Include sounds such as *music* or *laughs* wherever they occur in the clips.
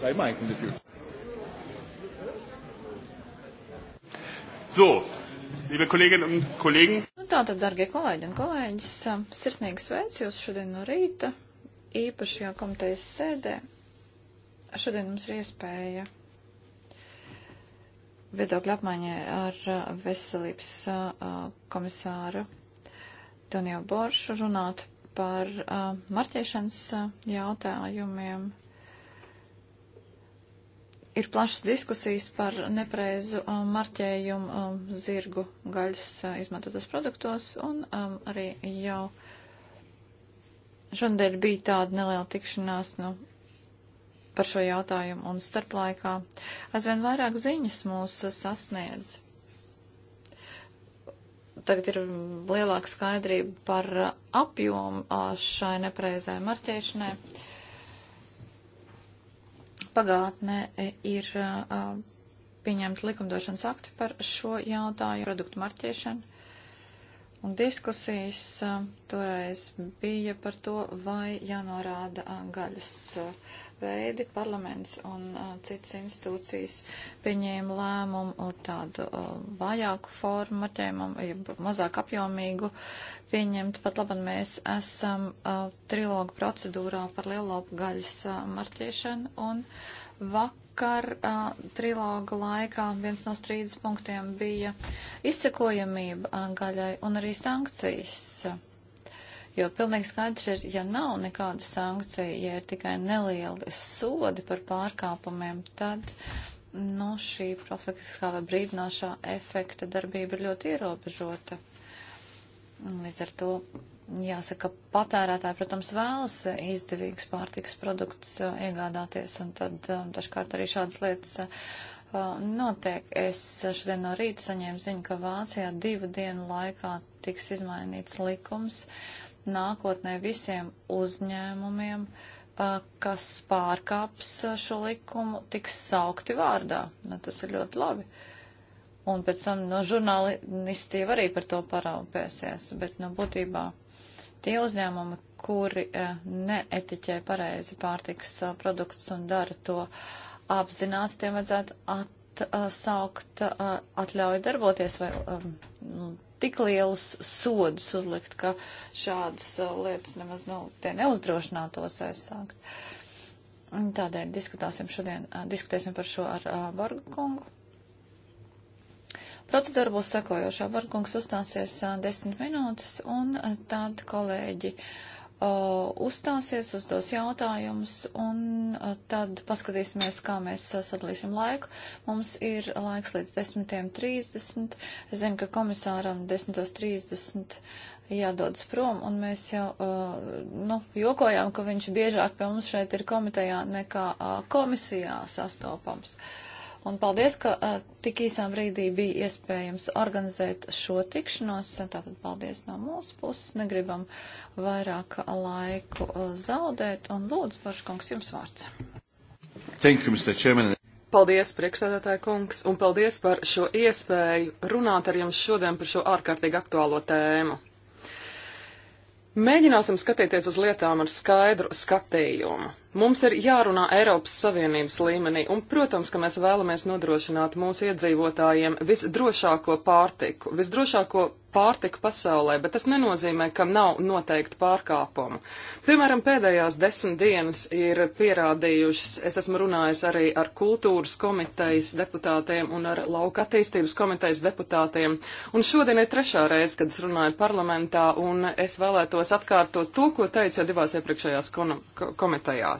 they might in the future. So, liebe Kolleginnen und Kollegen. Un nu tātad, dargie kolēģi un kolēģis, um, sirsnīgi sveicu jūs šodien no rīta, īpašajā komitejas sēdē. Šodien mums ir iespēja viedokļu apmaiņai ar uh, veselības uh, komisāru Toniju Boršu runāt par uh, marķēšanas jautājumiem Ir plašas diskusijas par nepareizu um, marķējumu um, zirgu gaļas uh, izmantotos produktos, un um, arī jau šodien bija tāda neliela tikšanās nu, par šo jautājumu, un starplaikā aizvien vairāk ziņas mūs uh, sasniedz tagad ir lielāka skaidrība par apjomu uh, šai nepareizai marķēšanai pagātnē ir pieņemti likumdošanas akti par šo jautājumu, produktu marķēšanu. Un diskusijas toreiz bija par to, vai jānorāda gaļas uh, veidi parlaments un uh, citas institūcijas pieņēma lēmumu tādu uh, vājāku formu marķējumu, jeb mazāk apjomīgu pieņemt. Pat labam mēs esam uh, trilogu procedūrā par lielopu gaļas uh, marķēšanu un vakar uh, trilogu laikā viens no strīdas punktiem bija izsekojamība uh, gaļai un arī sankcijas. Uh, Jo pilnīgi skaidrs ir, ja nav nekāda sankcija, ja ir tikai nelieli sodi par pārkāpumiem, tad nu, šī profilaktiskā vai brīdināšā efekta darbība ir ļoti ierobežota. Līdz ar to jāsaka, patērētāji, protams, vēlas izdevīgus pārtiks produktus uh, iegādāties, un tad uh, dažkārt arī šādas lietas uh, notiek. Es šodien no rīta saņēmu ziņu, ka Vācijā divu dienu laikā tiks izmainīts likums. Uh, nākotnē visiem uzņēmumiem, kas pārkāps šo likumu, tiks saukti vārdā. Nu, tas ir ļoti labi. Un pēc tam no nu, žurnālisti jau arī par to paraupēsies, bet no nu, būtībā tie uzņēmumi, kuri neetiķē pareizi pārtiks produktus un dara to apzināti, tiem vajadzētu atsaukt atļauju darboties vai nu, tik lielus sodus uzlikt, ka šādas uh, lietas nemaz nu, tie neuzdrošinātos aizsākt. Tādēļ diskutēsim šodien, uh, diskutēsim par šo ar Vargu uh, kungu. Procedūra būs sekojošā. Varkungs uzstāsies desmit minūtes, un tad kolēģi uh, uh, uzstāsies, uzdos jautājumus, un uh, tad paskatīsimies, kā mēs uh, sadalīsim laiku. Mums ir laiks līdz 10.30. Es zinu, ka komisāram 10.30 jādodas prom, un mēs jau, uh, nu, jokojām, ka viņš biežāk pie mums šeit ir komitejā nekā uh, komisijā sastopams. Uh, Un paldies, ka tik īsā brīdī bija iespējams organizēt šo tikšanos. Tātad paldies no mūsu puses. Negribam vairāk laiku zaudēt. Un lūdzu, Paškungs, jums vārds. Thank you, Mr. Chairman. Paldies, priekšsēdētāja kungs, un paldies par šo iespēju runāt ar jums šodien par šo ārkārtīgi aktuālo tēmu. Mēģināsim skatīties uz lietām ar skaidru skatījumu. Mums ir jārunā Eiropas Savienības līmenī, un, protams, ka mēs vēlamies nodrošināt mūsu iedzīvotājiem visdrošāko pārtiku, visdrošāko pārtiku pasaulē, bet tas nenozīmē, ka nav noteikti pārkāpumu. Piemēram, pēdējās desmit dienas ir pierādījušas, es esmu runājis arī ar kultūras komitejas deputātiem un ar lauka attīstības komitejas deputātiem, un šodien ir trešā reize, kad es runāju parlamentā, un es vēlētos atkārtot to, ko teicu jau divās iepriekšējās komitejās.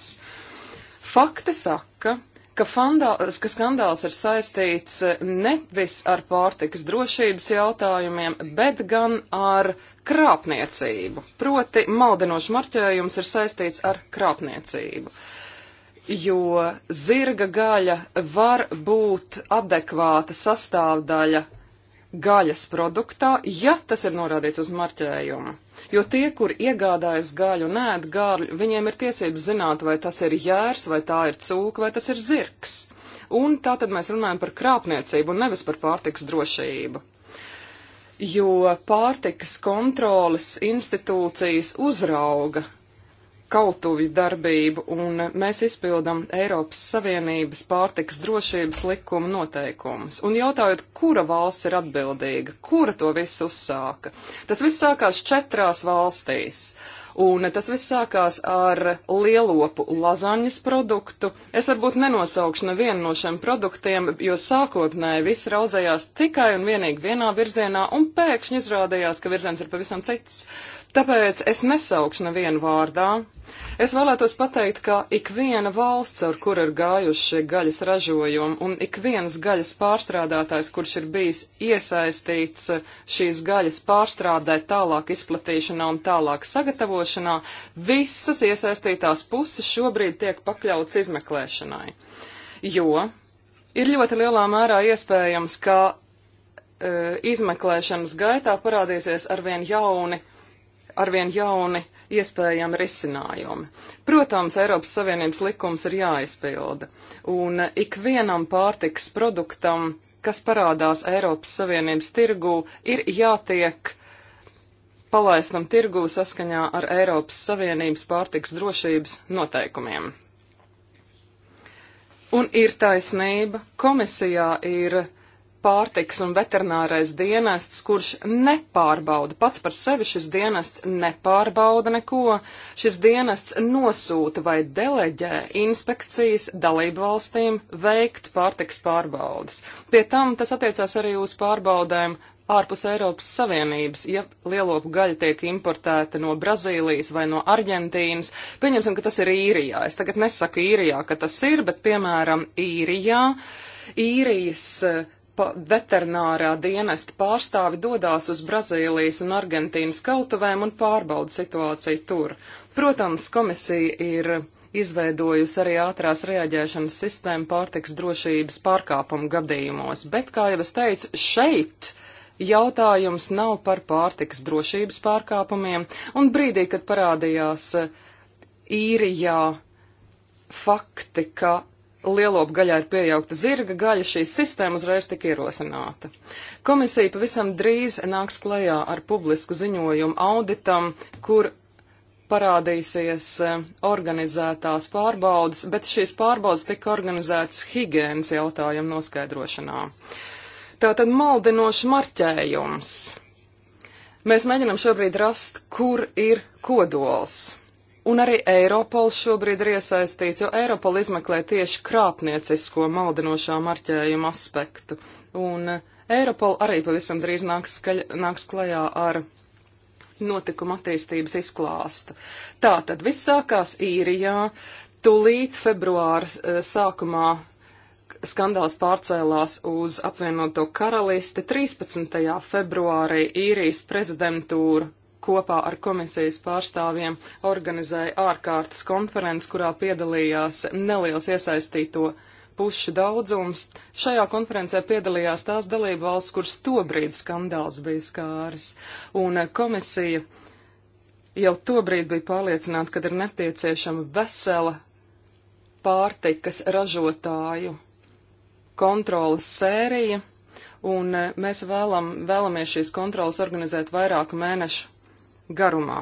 Fakti saka, ka, fandāls, ka skandāls ir saistīts eh, nevis ar pārtikas drošības jautājumiem, bet gan ar krāpniecību. Proti, maldinošs marķējums ir saistīts ar krāpniecību. Jo zirga gaļa var būt adekvāta sastāvdaļa gaļas produktā, ja tas ir norādīts uz marķējumu jo tie, kur iegādājas gaļu un ēd gārļu, viņiem ir tiesības zināt, vai tas ir jērs, vai tā ir cūka, vai tas ir zirgs. Un tā tad mēs runājam par krāpniecību un nevis par pārtiks drošību. Jo pārtikas kontrolas institūcijas uzrauga kautuvju darbību, un mēs izpildam Eiropas Savienības pārtikas drošības likuma noteikumus. Un jautājot, kura valsts ir atbildīga, kura to visu uzsāka? Tas viss sākās četrās valstīs. Un tas viss sākās ar lielopu lazaņas produktu. Es varbūt nenosaukšu nevienu no šiem produktiem, jo sākotnēji viss raudzējās tikai un vienīgi vienā virzienā, un pēkšņi izrādījās, ka virziens ir pavisam cits. Uh, Tāpēc es nesaukšu nevienu vārdā. Es vēlētos pateikt, ka ikviena valsts, ar kur ir gājuši šie gaļas ražojumi, un ikvienas gaļas pārstrādātājs, kurš ir bijis iesaistīts šīs gaļas pārstrādē, tālāk izplatīšanā un tālāk sagatavošanā, visas iesaistītās puses šobrīd tiek pakļauts izmeklēšanai. Jo ir ļoti lielā mērā iespējams, ka e, izmeklēšanas gaitā parādīsies arvien jauni arvien jauni iespējami risinājumi. Protams, Eiropas Savienības likums ir jāizpilda, un ikvienam pārtiks produktam, kas parādās Eiropas Savienības tirgū, ir jātiek palaistam tirgū saskaņā ar Eiropas Savienības pārtiks drošības noteikumiem. Un ir taisnība, komisijā ir pārtiks un veterinārais dienests, kurš nepārbauda, pats par sevi šis dienests nepārbauda neko, šis dienests nosūta vai deleģē inspekcijas dalību valstīm veikt pārtiks pārbaudas. Pie tam tas attiecās arī uz pārbaudēm ārpus Eiropas Savienības, ja lielopu gaļa tiek importēta no Brazīlijas vai no Argentīnas. Pieņemsim, ka tas ir īrijā. Es tagad nesaku īrijā, ka tas ir, bet piemēram īrijā. Īrijas uh, pa veterinārā dienesta pārstāvi dodās uz Brazīlijas un Argentīnas kautuvēm un pārbauda situāciju tur. Protams, komisija ir izveidojusi arī ātrās reaģēšanas sistēmu pārtiks drošības pārkāpumu gadījumos, bet, kā jau es teicu, šeit jautājums nav par pārtiks drošības pārkāpumiem, un brīdī, kad parādījās īrijā fakti, ka lielopgaļā ir piejaukta zirga gaļa, šī sistēma uzreiz tika ierosināta. Komisija pavisam drīz nāks klajā ar publisku ziņojumu auditam, kur parādīsies e, organizētās pārbaudas, bet šīs pārbaudas tika organizētas higienas jautājumu noskaidrošanā. Tātad maldinoši marķējums. Mēs mēģinam šobrīd rast, kur ir kodols. Un arī Eiropols šobrīd ir iesaistīts, jo Eiropola izmeklē tieši krāpniecisko maldinošā marķējuma aspektu. Un eh, Eiropola arī pavisam drīz nāks, skaļ, nāks klajā ar notikuma attīstības izklāstu. Tā tad viss sākās īrijā, tūlīt februāra eh, sākumā skandāls pārcēlās uz apvienoto karalisti 13. februārī īrijas prezidentūra kopā ar komisijas pārstāvjiem organizēja ārkārtas konferences, kurā piedalījās neliels iesaistīto pušu daudzums. Šajā konferencē piedalījās tās dalību valsts, kuras tobrīd skandāls bija skāris, un komisija jau tobrīd bija pārliecināta, ka ir nepieciešama vesela pārtikas ražotāju kontrolas sērija, un mēs vēlam, vēlamies šīs kontrolas organizēt vairāku mēnešu garumā.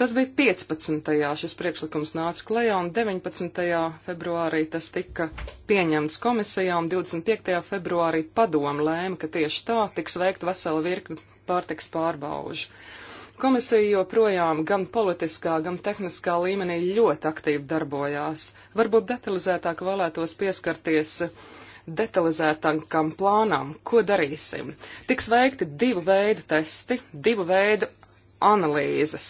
Tas bija 15. šis priekšlikums nāca klajā un 19. februārī tas tika pieņemts komisijā un 25. februārī padomu lēma, ka tieši tā tiks veikt vesela virkni pārtiks pārbaužu. Komisija joprojām gan politiskā, gan tehniskā līmenī ļoti aktīvi darbojās. Varbūt detalizētāk vēlētos pieskarties detalizētākam plānam, ko darīsim. Tiks veikti divu veidu testi, divu veidu analīzes.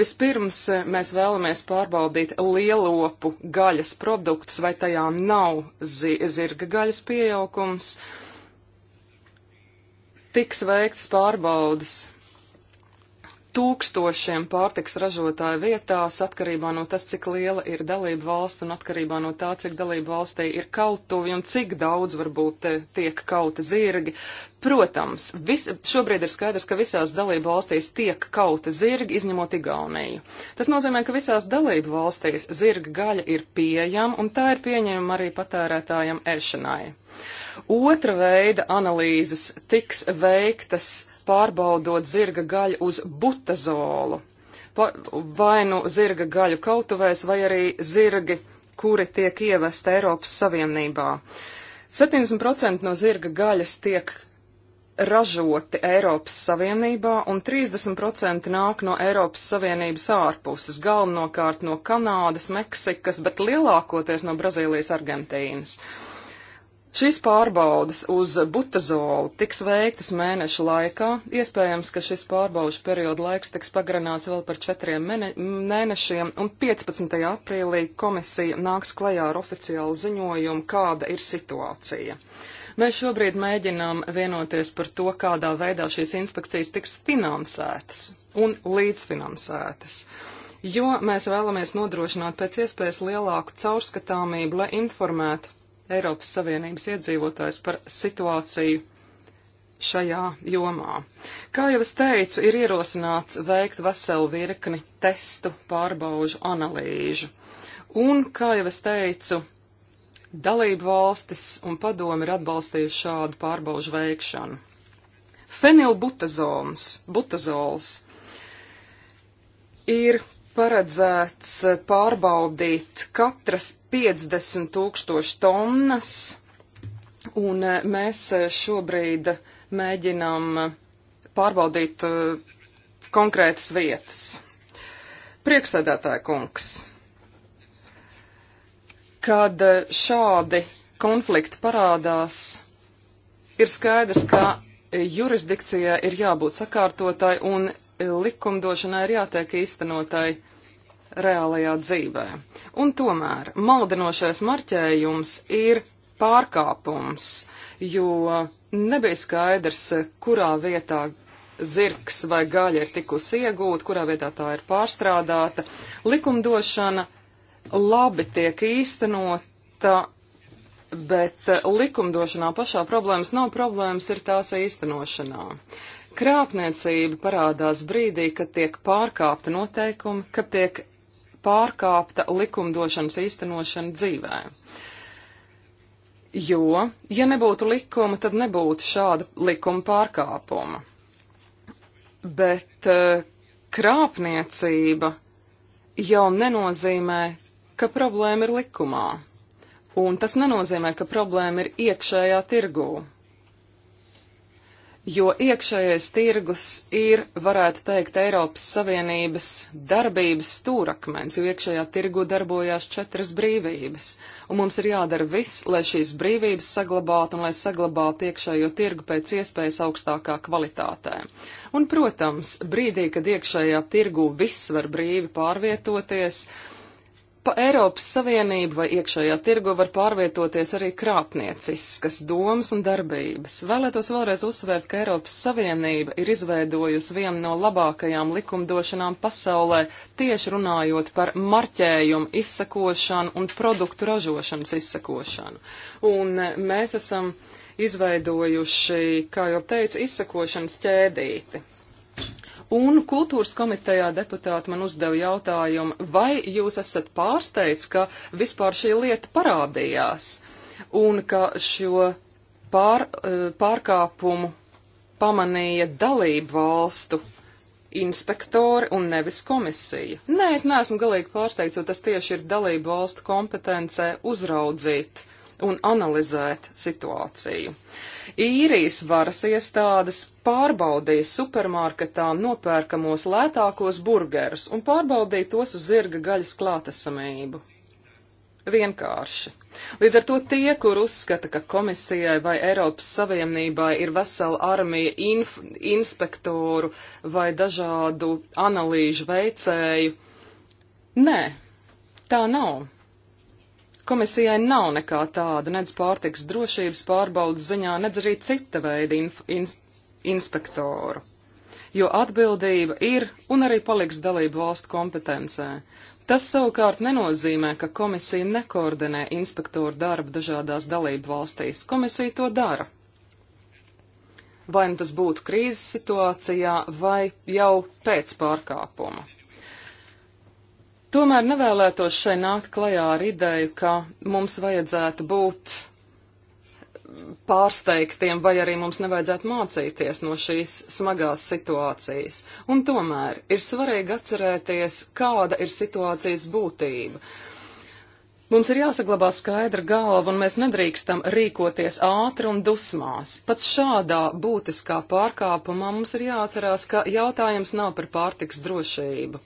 Vispirms e, mēs vēlamies pārbaudīt lielopu gaļas produktus, vai tajā nav zi zirga gaļas pieaugums. Tiks veikts pārbaudas tūkstošiem pārtiks ražotāju vietās, atkarībā no tas, cik liela ir dalība valsts un atkarībā no tā, cik dalība valstī ir kautuvi un cik daudz varbūt tiek kauta zirgi. Protams, vis, šobrīd ir skaidrs, ka visās dalību valstīs tiek kauta zirgi, izņemot Igauniju. Tas nozīmē, ka visās dalību valstīs zirga gaļa ir pieejama un tā ir pieņemama arī patērētājam ēšanai. Otra veida analīzes tiks veiktas pārbaudot zirga gaļu uz butazolu. Pa, vai nu zirga gaļu kautuvēs, vai arī zirgi, kuri tiek ievest Eiropas Savienībā. 70% no zirga gaļas tiek ražoti Eiropas Savienībā un 30% nāk no Eiropas Savienības ārpuses, galvenokārt no Kanādas, Meksikas, bet lielākoties no Brazīlijas, Argentīnas. Uh, Šīs pārbaudas uz butazolu tiks veiktas mēneša laikā. Iespējams, ka šis pārbaudas perioda laiks tiks pagarināts vēl par četriem mēnešiem, un 15. aprīlī komisija nāks klajā ar oficiālu ziņojumu, kāda ir situācija. Mēs šobrīd mēģinām vienoties par to, kādā veidā šīs inspekcijas tiks finansētas un līdzfinansētas jo mēs vēlamies nodrošināt pēc iespējas lielāku caurskatāmību, lai informētu Eiropas Savienības iedzīvotājs par situāciju šajā jomā. Kā jau es teicu, ir ierosināts veikt veselu virkni testu pārbaužu analīžu. Un, kā jau es teicu, dalību valstis un padomi ir atbalstījuši šādu pārbaužu veikšanu. Fenilbutazols ir paredzēts eh, pārbaudīt katras 50 tūkstoši tonnas, un eh, mēs eh, šobrīd mēģinām pārbaudīt konkrētas vietas. Prieksēdētāja kungs, kad šādi konflikti parādās, ir skaidrs, ka jurisdikcijai ir jābūt sakārtotai un likumdošanai ir jātiek īstenotai reālajā dzīvē. Un tomēr maldinošais marķējums ir pārkāpums, jo nebija skaidrs, kurā vietā zirgs vai gaļa ir tikusi iegūta, kurā vietā tā ir pārstrādāta. Likumdošana labi tiek īstenota, bet likumdošanā pašā problēmas nav problēmas, ir tās īstenošanā krāpniecība parādās brīdī, kad tiek pārkāpta noteikumi, kad tiek pārkāpta likumdošanas īstenošana dzīvē. Jo, ja nebūtu likuma, tad nebūtu šāda likuma pārkāpuma. Bet uh, krāpniecība jau nenozīmē, ka problēma ir likumā. Un tas nenozīmē, ka problēma ir iekšējā tirgū jo iekšējais tirgus ir, varētu teikt, Eiropas Savienības darbības stūrakmens, jo iekšējā tirgu darbojās četras brīvības, un mums ir jādara viss, lai šīs brīvības saglabātu un lai saglabātu iekšējo tirgu pēc iespējas augstākā kvalitātē. Un, protams, brīdī, kad iekšējā tirgu viss var brīvi pārvietoties, pa Eiropas Savienību vai iekšējā tirgu var pārvietoties arī krāpnieciskas domas un darbības. Vēlētos vēlreiz uzsvērt, ka Eiropas Savienība ir izveidojusi vienu no labākajām likumdošanām pasaulē, tieši runājot par marķējumu izsakošanu un produktu ražošanas izsakošanu. Un eh, mēs esam izveidojuši, kā jau teicu, izsakošanas ķēdīti. Un kultūras komitejā deputāti man uzdeva jautājumu, vai jūs esat pārsteigts, ka vispār šī lieta parādījās un ka šo pār, eh, pārkāpumu pamanīja dalību valstu inspektori un nevis komisija. Nē, es neesmu galīgi pārsteigts, jo tas tieši ir dalību valstu kompetencē uzraudzīt un analizēt situāciju. Uh, īrijas varas iestādes pārbaudīja supermarketā nopērkamos lētākos burgerus un pārbaudīja tos uz zirga gaļas klātesamību. Vienkārši. Līdz ar to tie, kur uzskata, ka komisijai vai Eiropas Savienībai ir vesela armija inf, inspektoru vai dažādu analīžu veicēju, nē, tā nav. Komisijai nav nekā tāda, nedz pārtiks drošības pārbaudas ziņā, nedz arī cita veida inf, in, inspektoru, jo atbildība ir un arī paliks dalību valstu kompetencē. Tas savukārt nenozīmē, ka komisija nekoordinē inspektoru darbu dažādās dalību valstīs. Komisija to dara. Vai nu tas būtu krīzes situācijā vai jau pēc pārkāpuma. Tomēr nevēlētos šai nākt klajā ar ideju, ka mums vajadzētu būt pārsteigtiem, vai arī mums nevajadzētu mācīties no šīs smagās situācijas. Un tomēr ir svarīgi atcerēties, kāda ir situācijas būtība. Mums ir jāsaglabā skaidra galva, un mēs nedrīkstam rīkoties ātri un dusmās. Pat šādā būtiskā pārkāpumā mums ir jāatcerās, ka jautājums nav par pārtiks drošību.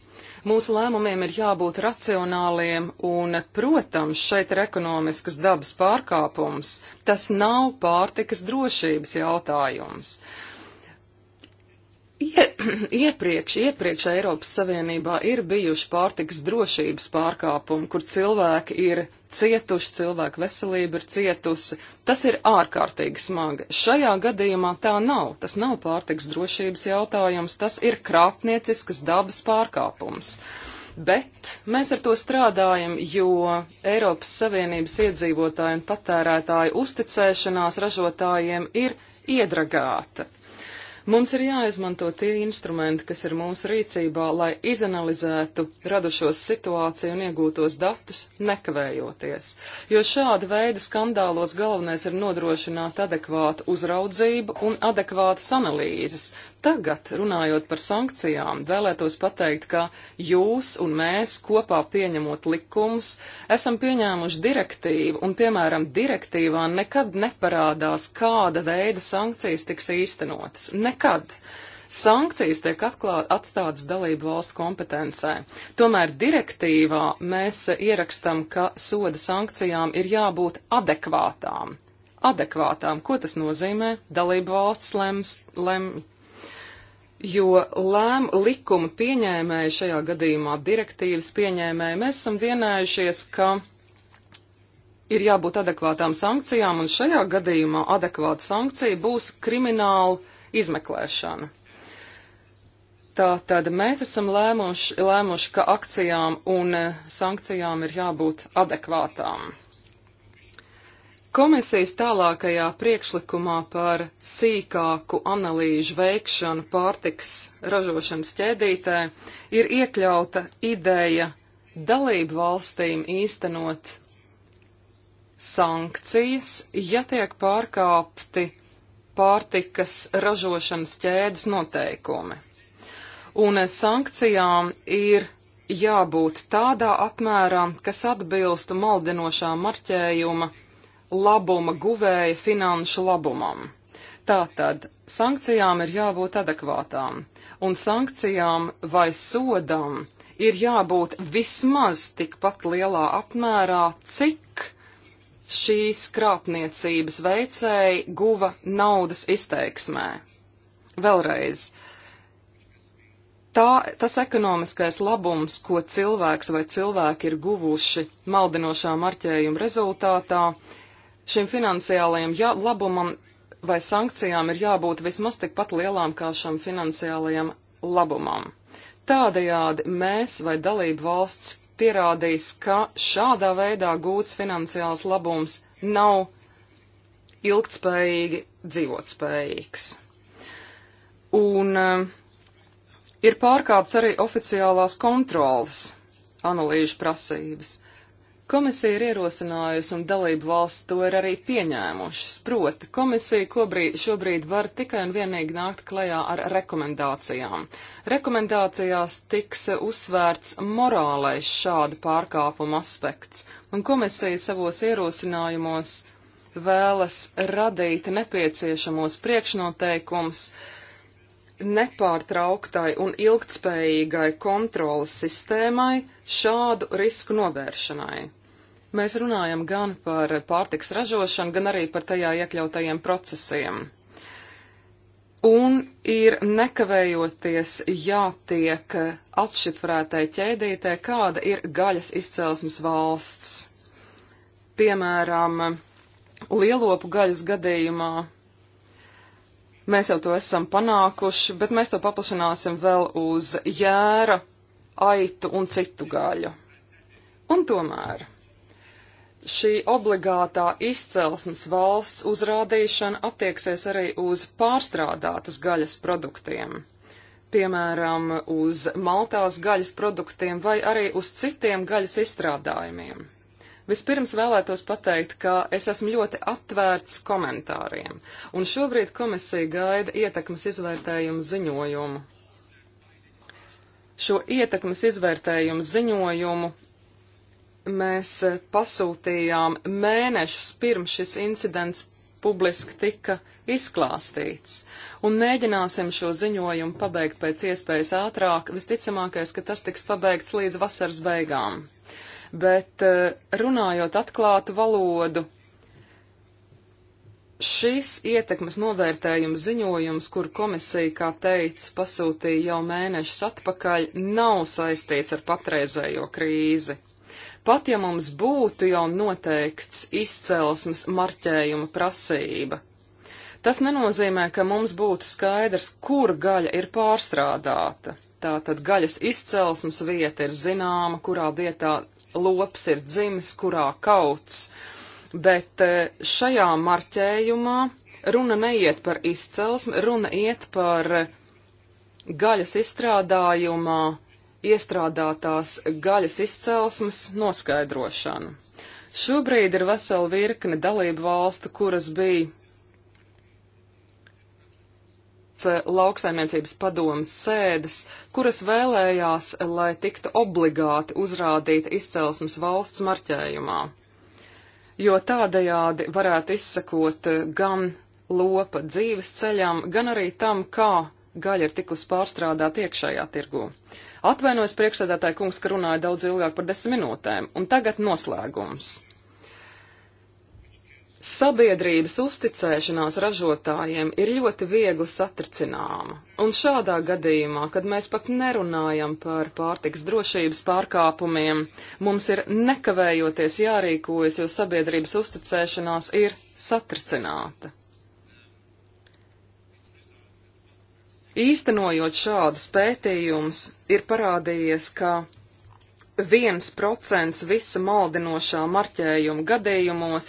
Mūsu lēmumiem ir jābūt racionāliem un, protams, šeit ir ekonomiskas dabas pārkāpums. Tas nav pārtikas drošības jautājums. Ie, *clears throat* iepriekš, iepriekš Eiropas Savienībā ir bijuši pārtiks drošības pārkāpumi, kur cilvēki ir cietuši, cilvēku veselība ir cietusi. Tas ir ārkārtīgi smagi. Šajā gadījumā tā nav. Tas nav pārtiks drošības jautājums, tas ir krāpnieciskas dabas pārkāpums. Bet mēs ar to strādājam, jo Eiropas Savienības iedzīvotāju un patērētāju uzticēšanās ražotājiem ir iedragāta. Mums ir jāizmanto tie instrumenti, kas ir mūsu rīcībā, lai izanalizētu radušos situāciju un iegūtos datus nekavējoties, jo šāda veida skandālos galvenais ir nodrošināt adekvātu uzraudzību un adekvātas analīzes, Tagad, runājot par sankcijām, vēlētos pateikt, ka jūs un mēs kopā pieņemot likumus, esam pieņēmuši direktīvu, un, piemēram, direktīvā nekad neparādās, kāda veida sankcijas tiks īstenotas. Nekad. Sankcijas tiek atklāt, atstātas dalību valstu kompetencē. Tomēr direktīvā mēs ierakstam, ka soda sankcijām ir jābūt adekvātām. Adekvātām, ko tas nozīmē? Dalību valsts lems, lemj jo lēm likuma pieņēmēji šajā gadījumā direktīvas pieņēmēji mēs esam vienājušies, ka ir jābūt adekvātām sankcijām, un šajā gadījumā adekvāta sankcija būs krimināla izmeklēšana. Tātad mēs esam lēmuši, lēmuši, ka akcijām un eh, sankcijām ir jābūt adekvātām. Komisijas tālākajā priekšlikumā par sīkāku analīžu veikšanu pārtiks ražošanas ķēdītē ir iekļauta ideja dalību valstīm īstenot sankcijas, ja tiek pārkāpti pārtikas ražošanas ķēdes noteikumi. Un sankcijām ir jābūt tādā apmērā, kas atbilstu maldinošā marķējuma labuma guvēja finanšu labumam. Tātad sankcijām ir jābūt adekvātām, un sankcijām vai sodam ir jābūt vismaz tikpat lielā apmērā, cik šīs krāpniecības veicēji guva naudas izteiksmē. Vēlreiz, tā, tas ekonomiskais labums, ko cilvēks vai cilvēki ir guvuši maldinošā marķējuma rezultātā, Šim finansiālajam jā, labumam vai sankcijām ir jābūt vismaz tikpat lielām kā šam finansiālajam labumam. Tādējādi mēs vai dalību valsts pierādīs, ka šādā veidā gūts finansiāls labums nav ilgtspējīgi dzīvotspējīgs. Un uh, ir pārkāpts arī oficiālās kontrolas analīžu prasības. Komisija ir ierosinājusi un dalību valsts to ir arī pieņēmušas. Proti, komisija kobrīd, šobrīd var tikai un vienīgi nākt klajā ar rekomendācijām. Rekomendācijās tiks uzsvērts morālais šāda pārkāpuma aspekts, un komisija savos ierosinājumos vēlas radīt nepieciešamos priekšnoteikumus, uh, nepārtrauktai un ilgtspējīgai kontrolas sistēmai šādu risku novēršanai. Mēs runājam gan par pārtiks ražošanu, gan arī par tajā iekļautajiem procesiem. Un ir nekavējoties jātiek atšifrētai ķēdītē, kāda ir gaļas izcelsmes valsts. Piemēram, lielopu gaļas gadījumā Mēs jau to esam panākuši, bet mēs to paplašināsim vēl uz jēra, aitu un citu gaļu. Un tomēr šī obligātā izcelsmes valsts uzrādīšana attieksies arī uz pārstrādātas gaļas produktiem, piemēram, uz maltās gaļas produktiem vai arī uz citiem gaļas izstrādājumiem. Vispirms vēlētos pateikt, ka es esmu ļoti atvērts komentāriem, un šobrīd komisija gaida ietekmes izvērtējumu ziņojumu. Šo ietekmes izvērtējumu ziņojumu mēs pasūtījām mēnešus pirms šis incidents publiski tika izklāstīts, un mēģināsim šo ziņojumu pabeigt pēc iespējas ātrāk, visticamākais, ka tas tiks pabeigts līdz vasaras beigām bet eh, runājot atklātu valodu, šis ietekmes novērtējuma ziņojums, kur komisija, kā teica, pasūtīja jau mēnešus atpakaļ, nav saistīts ar patreizējo krīzi. Pat ja mums būtu jau noteikts izcelsmes marķējuma prasība, tas nenozīmē, ka mums būtu skaidrs, kur gaļa ir pārstrādāta. Tātad gaļas izcelsmes vieta ir zināma, kurā dietā lops ir dzimis, kurā kauts. Bet eh, šajā marķējumā runa neiet par izcelsmi, runa iet par eh, gaļas izstrādājumā iestrādātās gaļas izcelsmes noskaidrošanu. Šobrīd ir vesela virkne dalību valstu, kuras bija lauksaimniecības padomas sēdes, kuras vēlējās, lai tiktu obligāti uzrādīta izcelsmes valsts marķējumā, jo tādējādi varētu izsakot gan lopa dzīves ceļam, gan arī tam, kā gaļa ir tikus pārstrādāt iekšējā tirgu. Atvainojos priekšsēdētāji kungs, ka runāju daudz ilgāk par desmit minūtēm, un tagad noslēgums. Sabiedrības uzticēšanās ražotājiem ir ļoti viegli satricināma, un šādā gadījumā, kad mēs pat nerunājam par pārtiks drošības pārkāpumiem, mums ir nekavējoties jārīkojas, jo sabiedrības uzticēšanās ir satricināta. Īstenojot šādus pētījumus, ir parādījies, ka viens procents visa maldinošā marķējuma gadījumos,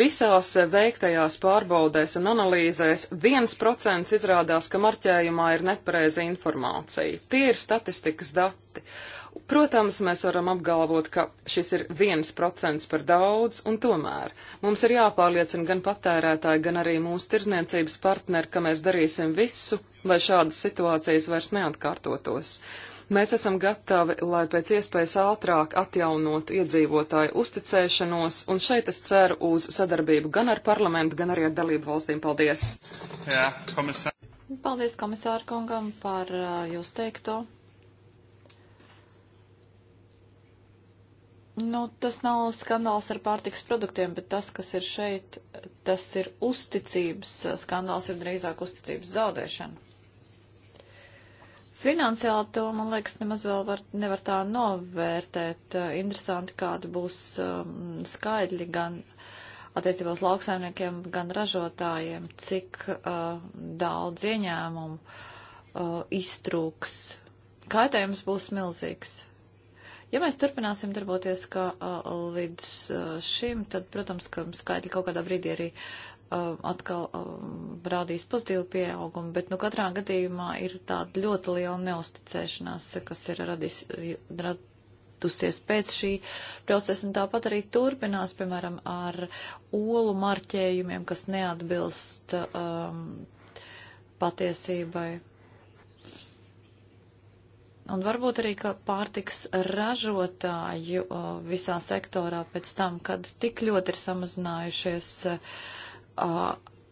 visās veiktajās pārbaudēs un analīzēs, viens procents izrādās, ka marķējumā ir nepareiza informācija. Tie ir statistikas dati. Protams, mēs varam apgalvot, ka šis ir viens procents par daudz, un tomēr mums ir jāpārliecina gan patērētāji, gan arī mūsu tirzniecības partneri, ka mēs darīsim visu, lai šādas situācijas vairs neatkārtotos. Uh, Mēs esam gatavi, lai pēc iespējas ātrāk atjaunotu iedzīvotāju uzticēšanos, un šeit es ceru uz sadarbību gan ar parlamentu, gan arī ar dalību valstīm. Paldies! Jā, komisār. Paldies komisāru kungam par uh, jūs teikto. Nu, tas nav skandāls ar pārtiks produktiem, bet tas, kas ir šeit, tas ir uzticības uh, skandāls, ir drīzāk uzticības zaudēšana. Finansiāli to, man liekas, nemaz vēl var, nevar tā novērtēt. Eh, interesanti, kāda būs um, skaidri gan attiecībā uz lauksaimniekiem, gan ražotājiem, cik uh, daudz ieņēmumu uh, iztrūks. Kaitējums būs milzīgs. Ja mēs turpināsim darboties kā uh, līdz uh, šim, tad, protams, ka skaidri kaut kādā brīdī arī Uh, atkal uh, rādīs pozitīvu pieaugumu, bet nu katrā gadījumā ir tāda ļoti liela neusticēšanās, kas ir radis, radusies pēc šī procesa, un tāpat arī turpinās, piemēram, ar olu marķējumiem, kas neatbilst um, patiesībai. Un varbūt arī, ka pārtiks ražotāju uh, visā sektorā pēc tam, kad tik ļoti ir samazinājušies uh,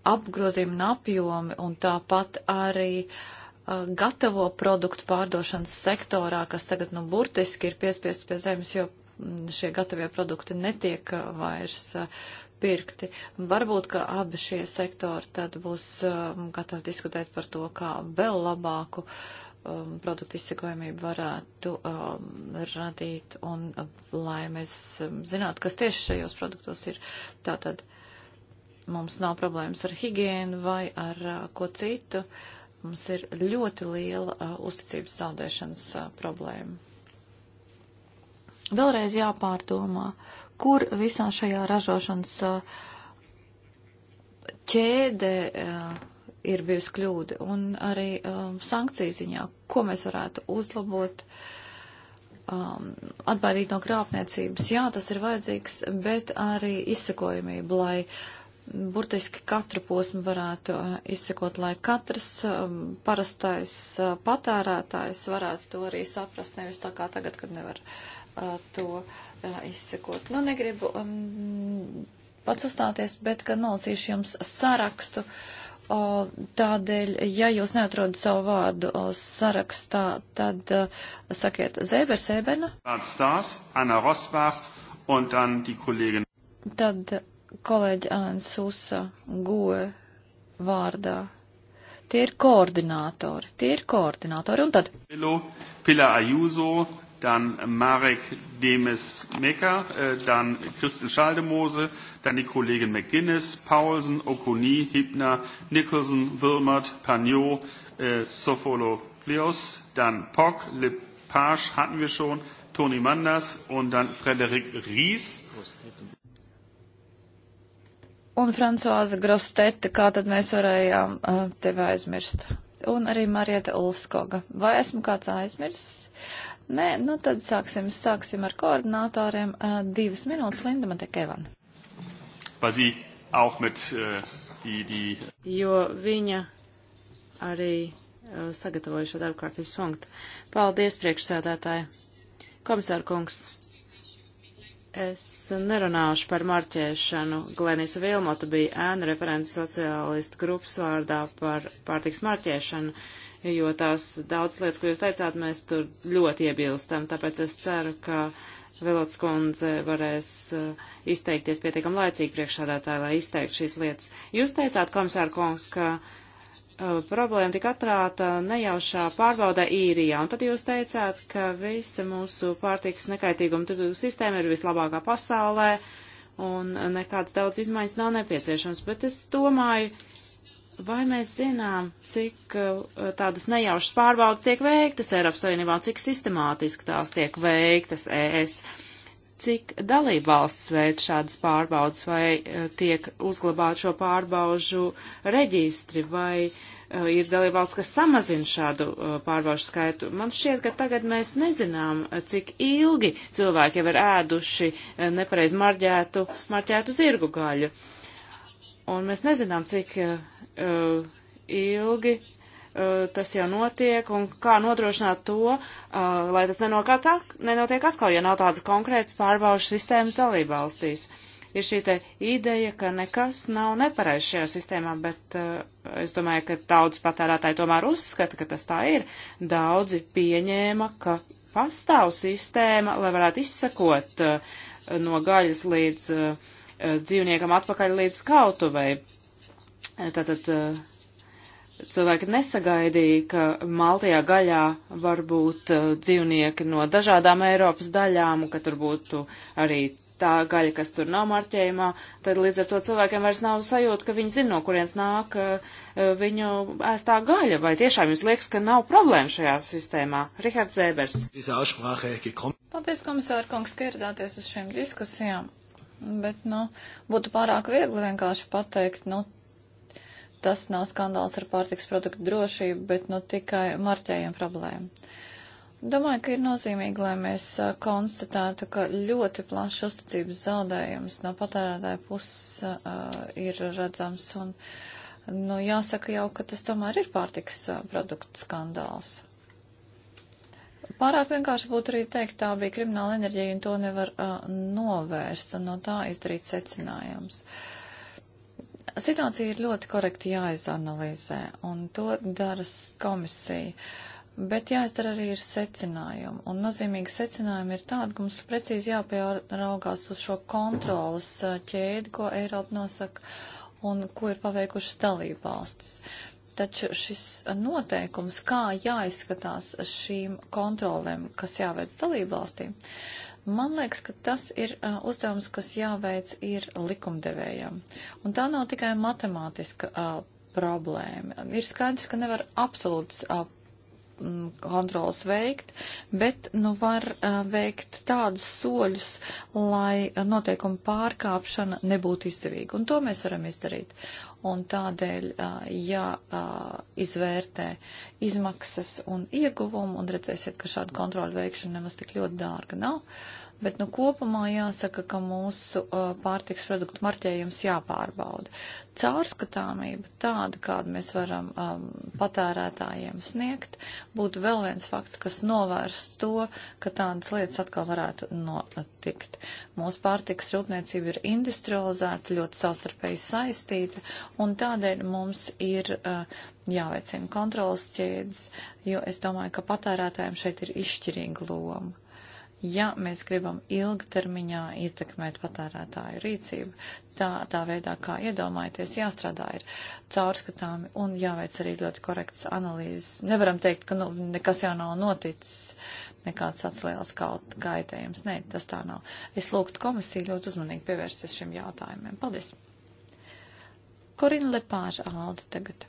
apgrozījumi un apjomi un tāpat arī uh, gatavo produktu pārdošanas sektorā, kas tagad nu burtiski ir piespiests pie zemes, jo mm, šie gatavie produkti netiek uh, vairs uh, pirkti. Varbūt, ka abi šie sektori tad būs gatavi diskutēt par to, kā vēl labāku um, produktu izsekojamību varētu um, radīt un lai mēs um, zinātu, kas tieši šajos produktos ir. Tātad. Tā mums nav problēmas ar higienu vai ar uh, ko citu. Mums ir ļoti liela uh, uzticības zaudēšanas uh, problēma. Vēlreiz jāpārdomā, kur visā šajā ražošanas uh, ķēdē uh, ir bijusi kļūda un arī um, sankciju ziņā, ko mēs varētu uzlabot. Uh, um, atbaidīt no krāpniecības. Jā, tas ir vajadzīgs, bet arī izsakojamība, lai burtiski katru posmu varētu uh, izsekot, lai katrs um, parastais uh, patērētājs varētu to arī saprast, nevis tā kā tagad, kad nevar uh, to uh, izsekot. Nu, negribu um, pats uzstāties, bet, kad nolasīšu jums sarakstu, tādēļ, ja jūs neatrodat savu vārdu sarakstā, tad uh, sakiet Zēber Sēbena. Tāds stāsts, Anna Rosbach un dann die kolēģin. Tad kolēģi Alena Susa Goe vārdā. Tie ir koordinātori, tie ir koordinātori, un tad. Hello, Pila Ajuso, dann Marek Demes Meka, äh, dann Christel Schaldemose, dann die Kollegin McGuinness, Paulsen, Okuni, Hibner, Nicholson, Wilmert, Pagnot, äh, Sofologlios, dann Pock, Lepage hatten wir schon, Toni Manders und dann Frederik Ries un Francoza Grostete, kā tad mēs varējām uh, tevi aizmirst? Un arī Marieta Ulskoga. Vai esmu kāds aizmirsis? Nē, nu tad sāksim, sāksim ar koordinātoriem. Uh, divas minūtes, Linda Matekevan. Äh, jo viņa arī uh, sagatavoja šo darbu kārtības funktu. Paldies, priekšsēdētāji. Komisāra kungs, Es nerunāšu par marķēšanu. Glenisa Vilmota bija ēna referenta sociālistu grupas vārdā par pārtiks marķēšanu, jo tās daudz lietas, ko jūs teicāt, mēs tur ļoti iebilstam. Tāpēc es ceru, ka Vilots kundze varēs uh, izteikties pietiekam laicīgi priekšsādātāji, lai izteikt šīs lietas. Jūs teicāt, komisāra kungs, ka Uh, problēma tika atrāta nejaušā pārbaudē īrijā, un tad jūs teicāt, ka visa mūsu pārtikas nekaitīguma sistēma ir vislabākā pasaulē, un nekāds daudz izmaiņas nav nepieciešams, bet es domāju, vai mēs zinām, cik uh, tādas nejaušas pārbaudas tiek veiktas Eiropas Savienībā, cik sistemātiski tās tiek veiktas ES cik dalību valsts veic šādas pārbaudas, vai eh, tiek uzglabāt šo pārbaužu reģistri, vai eh, ir dalību valsts, kas samazina šādu eh, pārbaužu skaitu. Man šķiet, ka tagad mēs nezinām, cik ilgi cilvēki jau ir ēduši nepareiz marģētu, marģētu zirgu gaļu. Un mēs nezinām, cik uh, ilgi Eh, tas jau notiek, un kā nodrošināt to, eh, lai tas nenokāt, nenotiek atkal, ja nav tādas konkrētas pārbaudas sistēmas dalībvalstīs. Ir šī te ideja, ka nekas nav nepareizs šajā sistēmā, bet uh, es domāju, ka daudz patērētāji tomēr uzskata, ka tas tā ir. Daudzi pieņēma, ka pastāv sistēma, lai varētu izsakot uh, no gaļas līdz uh, dzīvniekam atpakaļ līdz kautuvei. Tātad uh, cilvēki nesagaidīja, ka Maltajā gaļā var būt uh, dzīvnieki no dažādām Eiropas daļām, ka tur būtu arī tā gaļa, kas tur nav marķējumā, tad līdz ar to cilvēkiem vairs nav sajūta, ka viņi zina, no kurienes nāk uh, uh viņu ēstā gaļa. Vai tiešām jums liekas, ka nav problēma šajā sistēmā? Rihards Zēbers. Paldies, komisāra kungs, ka ieradāties uz šīm diskusijām. Bet, nu, būtu pārāk viegli vienkārši pateikt, nu, tas nav skandāls ar pārtiks produktu drošību, bet nu tikai marķējiem problēmu. Domāju, ka ir nozīmīgi, lai mēs a, konstatētu, ka ļoti plašs uzticības zaudējums no patērētāja puses uh, ir redzams. Un, nu, jāsaka jau, ka tas tomēr ir pārtiks a, produktu skandāls. Pārāk vienkārši būtu arī teikt, tā bija krimināla enerģija un to nevar uh, novērst un no tā izdarīt secinājums. Uh, Situācija ir ļoti korekti jāizanalizē, un to dara komisija. Bet jāizdara arī ir secinājumi, un nozīmīgi secinājumi ir tādi, ka mums precīzi jāpjāraugās uz šo kontrolas ķēdi, ko Eiropa nosaka, un ko ir paveikušas dalībvalstis. Taču šis noteikums, kā jāizskatās šīm kontrolēm, kas jāveic dalībvalstīm, uh, Man liekas, ka tas ir uh, uzdevums, kas jāveic ir likumdevējam. Un tā nav tikai matemātiska uh, problēma. Ir skaidrs, ka nevar absolūts uh, kontrols veikt, bet nu var uh, veikt tādus soļus, lai noteikuma pārkāpšana nebūtu izdevīga. Un to mēs varam izdarīt un tādēļ jāizvērtē ja, izmaksas un ieguvumu, un redzēsiet, ka šāda kontrola veikšana nemaz tik ļoti dārga nav. Bet nu, kopumā jāsaka, ka mūsu uh, pārtiks produktu marķējums jāpārbauda. Caurskatāmība tāda, kādu mēs varam um, patērētājiem sniegt, būtu vēl viens fakts, kas novērst to, ka tādas lietas atkal varētu notikt. Mūsu pārtiks rūpniecība ir industrializēta, ļoti savstarpēji saistīta, un tādēļ mums ir uh, jāveicina kontrolas ķēdes, jo es domāju, ka patērētājiem šeit ir izšķirīga loma ja mēs gribam ilgtermiņā ietekmēt patērētāju rīcību, tā, tā veidā, kā iedomājaties, jāstrādā ir caurskatāmi un jāveic arī ļoti korekts analīzes. Nevaram teikt, ka nu, nekas jau nav noticis, nekāds atslēles kaut gaitējums. Nē, tas tā nav. Es lūgtu komisiju ļoti uzmanīgi pievērsties šim jautājumiem. Paldies. Korina Lepāža Alde tagad.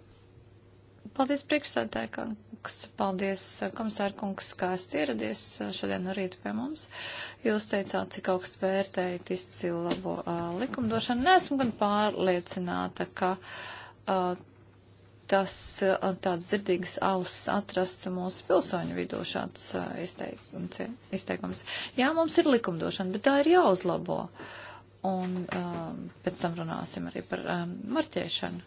Paldies priekšsēdētāji, kungs, paldies, eh, komisāra kungs, kā esat ieradies eh, šodien no rīta pie mums. Jūs teicāt, cik augstu vērtējat izcilu labo uh, likumdošanu. Nesmu gan pārliecināta, ka uh, tas uh, tāds dzirdīgs auss atrastu mūsu pilsoņu vidū šāds uh, izteikums, izteikums. Jā, mums ir likumdošana, bet tā ir jāuzlabo. Un uh, pēc tam runāsim arī par uh, marķēšanu.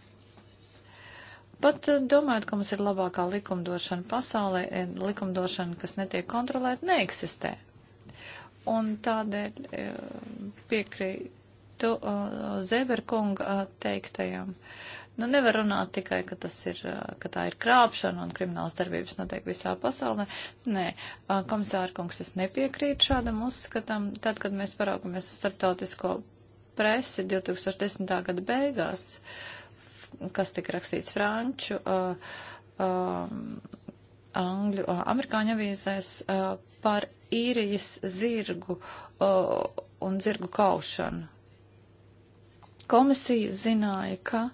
Pat eh, domājot, ka mums ir labākā likumdošana pasaulē, eh, likumdošana, kas netiek kontrolēta, neeksistē. Un tādēļ eh, piekrītu Zeberkunga teiktajam. Nu, nevar runāt tikai, ka, ir, ka tā ir krāpšana un krimināls darbības notiek visā pasaulē. Nē, komisāra kungs, es nepiekrītu šādam uzskatam. Tad, kad mēs paraugamies uz starptautisko presi 2010. gada beigās, uh, kas tika rakstīts franču, uh, uh, angļu, uh, amerikāņu avīzēs uh, par īrijas zirgu uh, un zirgu kaušanu. Komisija zināja, ka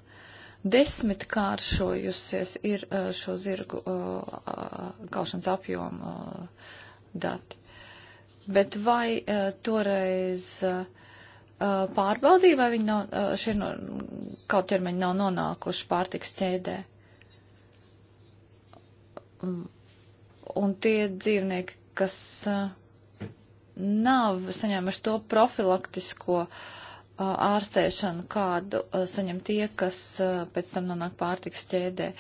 desmitkāršojusies ir uh, šo zirgu uh, uh, kaušanas apjomu uh, dati. Bet vai uh, toreiz uh, Uh, pārbaudīja, vai viņi nav, uh, šie no, kaut ķermeņi nav nonākuši pārtiks ķēdē. Un tie dzīvnieki, kas uh, nav saņēmuši to profilaktisko ārstēšanu, kādu saņem tie, kas pēc tam nonāk pārtiks ķēdē.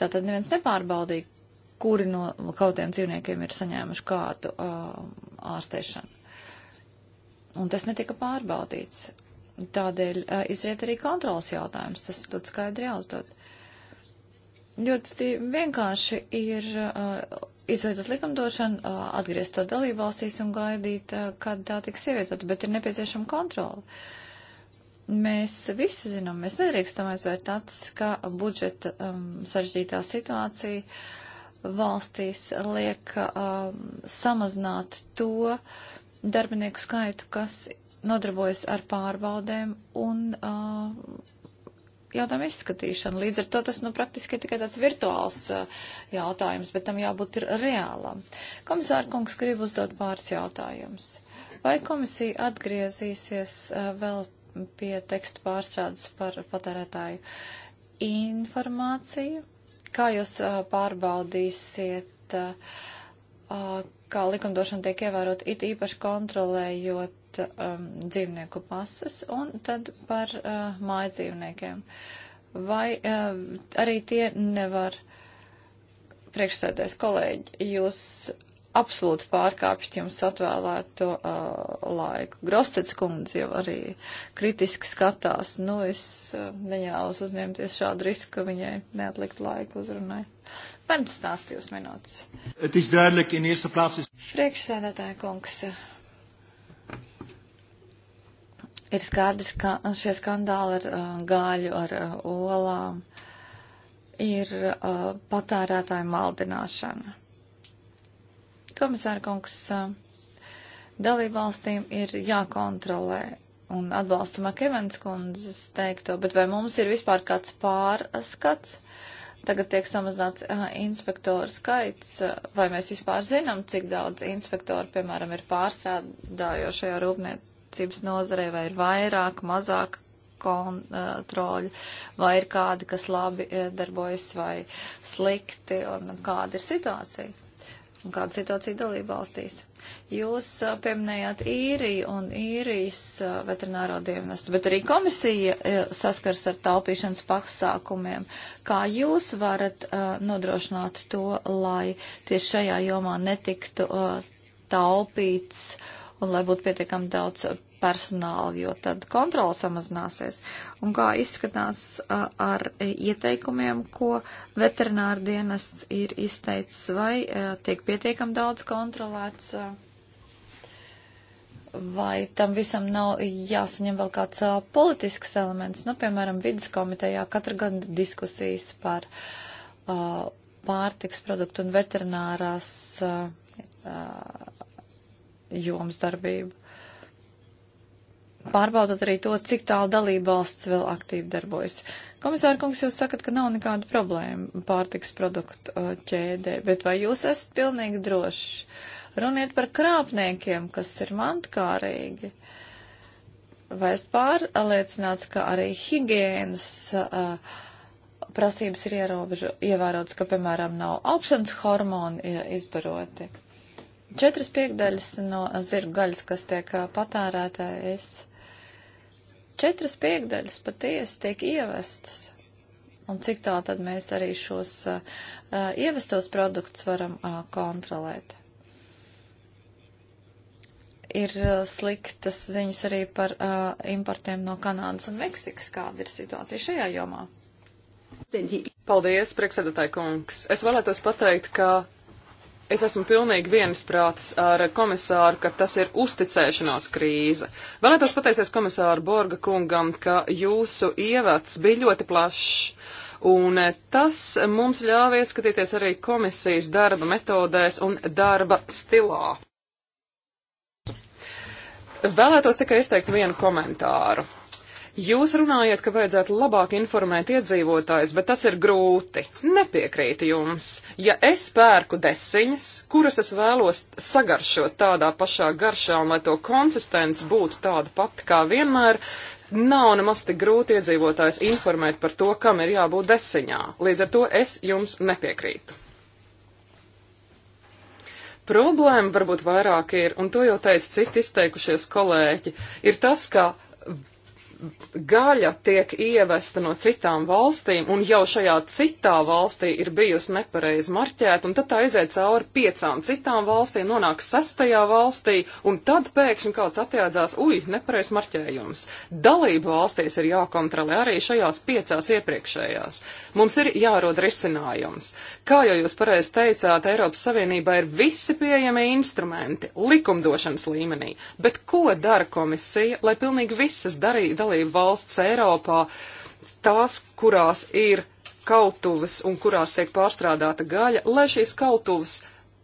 Tātad neviens nepārbaudīja, kuri no kautiem dzīvniekiem ir saņēmuši kādu ārstēšanu un tas netika pārbaudīts. Tādēļ uh, izriet arī kontrols jautājums, tas ļoti skaidri jāuzdod. Ļoti vienkārši ir uh, izveidot likumdošanu, uh, atgriezt to dalību valstīs un gaidīt, uh, kad tā tiks ievietot, bet ir nepieciešama kontrola. Mēs visi zinām, mēs nedrīkstam aizvērt acis, ka budžeta um, sarežģītā situācija uh, valstīs liek uh, samazināt to darbinieku skaitu, kas nodarbojas ar pārbaudēm un uh, jautājumu izskatīšanu. Līdz ar to tas nu, praktiski ir tikai tāds virtuāls uh, jautājums, bet tam jābūt ir reālam. Komisāra kungs grib uzdot pāris jautājumus. Vai komisija atgriezīsies uh, vēl pie tekstu pārstrādes par patērētāju informāciju? Kā jūs uh, pārbaudīsiet? Uh, kā likumdošana tiek ievērot, it īpaši kontrolējot um, dzīvnieku pasas un tad par uh, māja dzīvniekiem. Vai uh, arī tie nevar priekšsēdēs kolēģi, jūs absolūti pārkāpjat jums atvēlēto uh, laiku. Grostets kundze jau arī kritiski skatās, nu es uh, neņēlos uzņemties šādu risku, ka viņai neatlikt laiku uzrunai. Man stāstījus minūtes. Priekšsēdētāja kungs. Ir skaidrs, ka šie skandāli ar uh, gāļu, ar uh, olām ir uh, patērētāju maldināšana Komisārkungs, dalībvalstīm ir jākontrolē un atbalstu Makevens kundzes teikto, bet vai mums ir vispār kāds pārskats? Tagad tiek samazināts uh, inspektoru skaits, vai mēs vispār zinām, cik daudz inspektoru, piemēram, ir pārstrādājošajā rūpniecības nozarē, vai ir vairāk, mazāk kontroļu, vai ir kādi, kas labi darbojas vai slikti, un kāda ir situācija? un kāda situācija dalība valstīs. Jūs pieminējāt īriju un īrijas veterināro dienestu, bet arī komisija saskars ar taupīšanas pasākumiem. Kā jūs varat uh, nodrošināt to, lai tieši šajā jomā netiktu uh, taupīts un lai būtu pietiekami daudz personālu, jo tad kontrola samazināsies. Un kā izskatās ar ieteikumiem, ko veterināra dienests ir izteicis, vai tiek pietiekam daudz kontrolēts, vai tam visam nav jāsaņem vēl kāds politisks elements, nu, piemēram, vidas komitejā katru gadu diskusijas par pārtiks produktu un veterinārās jomas darbību pārbaudot arī to, cik tālu dalība valsts vēl aktīvi darbojas. Komisāra kungs, jūs sakat, ka nav nekāda problēma pārtiks produktu uh, ķēdē, bet vai jūs esat pilnīgi droši? Runiet par krāpniekiem, kas ir mantkārīgi. Vai esat pārliecināts, ka arī higiēnas uh, prasības ir ierobežo, ievērotas, ka, piemēram, nav augšanas hormoni izbaroti? Četras piekdaļas no zirgu gaļas, kas tiek uh, patērēta, es Četras piekdaļas patiesi tiek ievestas. Un cik tā tad mēs arī šos uh, uh, ievestos produktus varam uh, kontrolēt? Ir uh, sliktas ziņas arī par uh, importiem no Kanādas un Meksikas. Kāda ir situācija šajā jomā? Paldies, priekšsēdētāji kungs. Es vēlētos pateikt, ka Es esmu pilnīgi viensprāts ar komisāru, ka tas ir uzticēšanās krīze. Vēlētos pateikties komisāru Borga kungam, ka jūsu ievads bija ļoti plašs. Un tas mums ļāva ieskatīties arī komisijas darba metodēs un darba stilā. Vēlētos tikai izteikt vienu komentāru. Jūs runājat, ka vajadzētu labāk informēt iedzīvotājus, bet tas ir grūti. Nepiekrītu jums. Ja es pērku desiņas, kuras es vēlos sagaršot tādā pašā garšā un lai to konsistence būtu tāda pati kā vienmēr, nav nemaz tik grūti iedzīvotājus informēt par to, kam ir jābūt desiņā. Līdz ar to es jums nepiekrītu. Problēma varbūt vairāk ir, un to jau teica citi izteikušies kolēģi, ir tas, ka gaļa tiek ievesta no citām valstīm, un jau šajā citā valstī ir bijusi nepareizi marķēta, un tad tā iziet cauri piecām citām valstīm, nonāk sastajā valstī, un tad pēkšņi kāds atjādzās, ui, nepareiz marķējums. Dalību valstīs ir jākontrolē arī šajās piecās iepriekšējās. Mums ir jārod risinājums. Kā jau jūs pareizi teicāt, Eiropas Savienībā ir visi pieejamie instrumenti likumdošanas līmenī, bet ko dara komisija, lai pilnīgi visas darītu? dalību valsts Eiropā, tās, kurās ir kautuves un kurās tiek pārstrādāta gaļa, lai šīs kautuves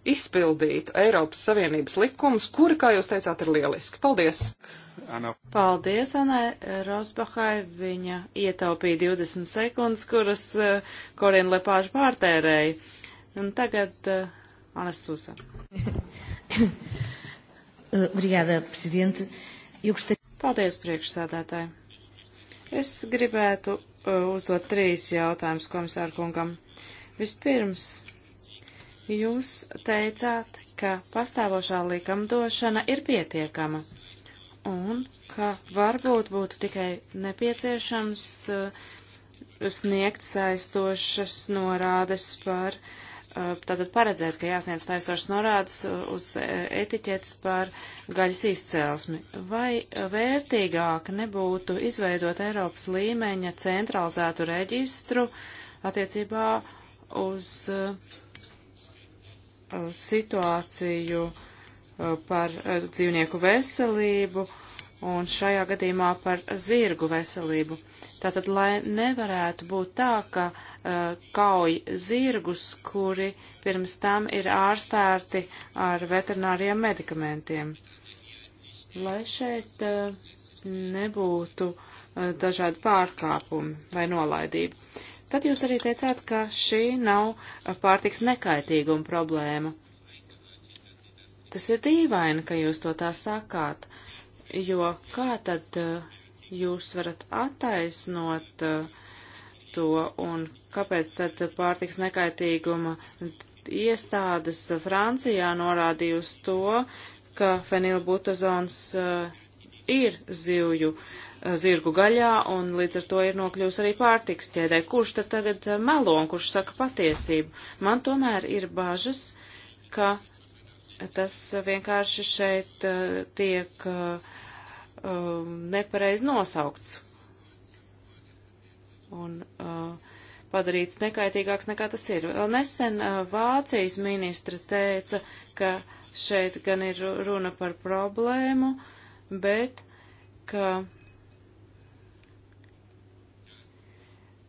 izpildītu Eiropas Savienības likumus, kuri, kā jūs teicāt, ir lieliski. Paldies! Anna. Paldies, Anai Rosbahai. Viņa ietaupīja 20 sekundes, kuras uh, eh, Korina Lepāža pārtērēja. Un tagad uh, eh, Ana Susa. *laughs* Obrigada, Presidente. Eu gostaria... Paldies, priekšsēdētāji. Es gribētu uh, uzdot trīs jautājumus komisāru kungam. Vispirms, jūs teicāt, ka pastāvošā likumdošana ir pietiekama un ka varbūt būtu tikai nepieciešams uh, sniegt saistošas norādes par uh, Eh, tātad paredzēt, ka jāsniedz taisošas norādes eh, uz eh, etiķetes par gaļas izcēlesmi. Vai vērtīgāk nebūtu izveidot Eiropas līmeņa centralizētu reģistru attiecībā uz situāciju par dzīvnieku veselību? Uh, un šajā gadījumā par zirgu veselību. Tātad, lai nevarētu būt tā, ka uh, kauj zirgus, kuri pirms tam ir ārstēti ar veterināriem medikamentiem. Lai šeit uh, nebūtu uh, dažādi pārkāpumi vai nolaidība. Tad jūs arī teicāt, ka šī nav pārtiks nekaitīguma problēma. Tas ir dīvaini, ka jūs to tā sakāt jo kā tad eh, jūs varat attaisnot eh, to un kāpēc tad pārtiks nekaitīguma iestādes Francijā norādījusi to, ka fenilbutazons eh, ir zivju, zirgu gaļā un līdz ar to ir nokļūst arī pārtiks ķēdē. Kurš tad tagad melo un kurš saka patiesību? Man tomēr ir bažas, ka tas vienkārši šeit tiek uh, um, nepareiz nosaukts un uh, padarīts nekaitīgāks nekā tas ir. Nesen uh, Vācijas ministra teica, ka šeit gan ir runa par problēmu, bet ka,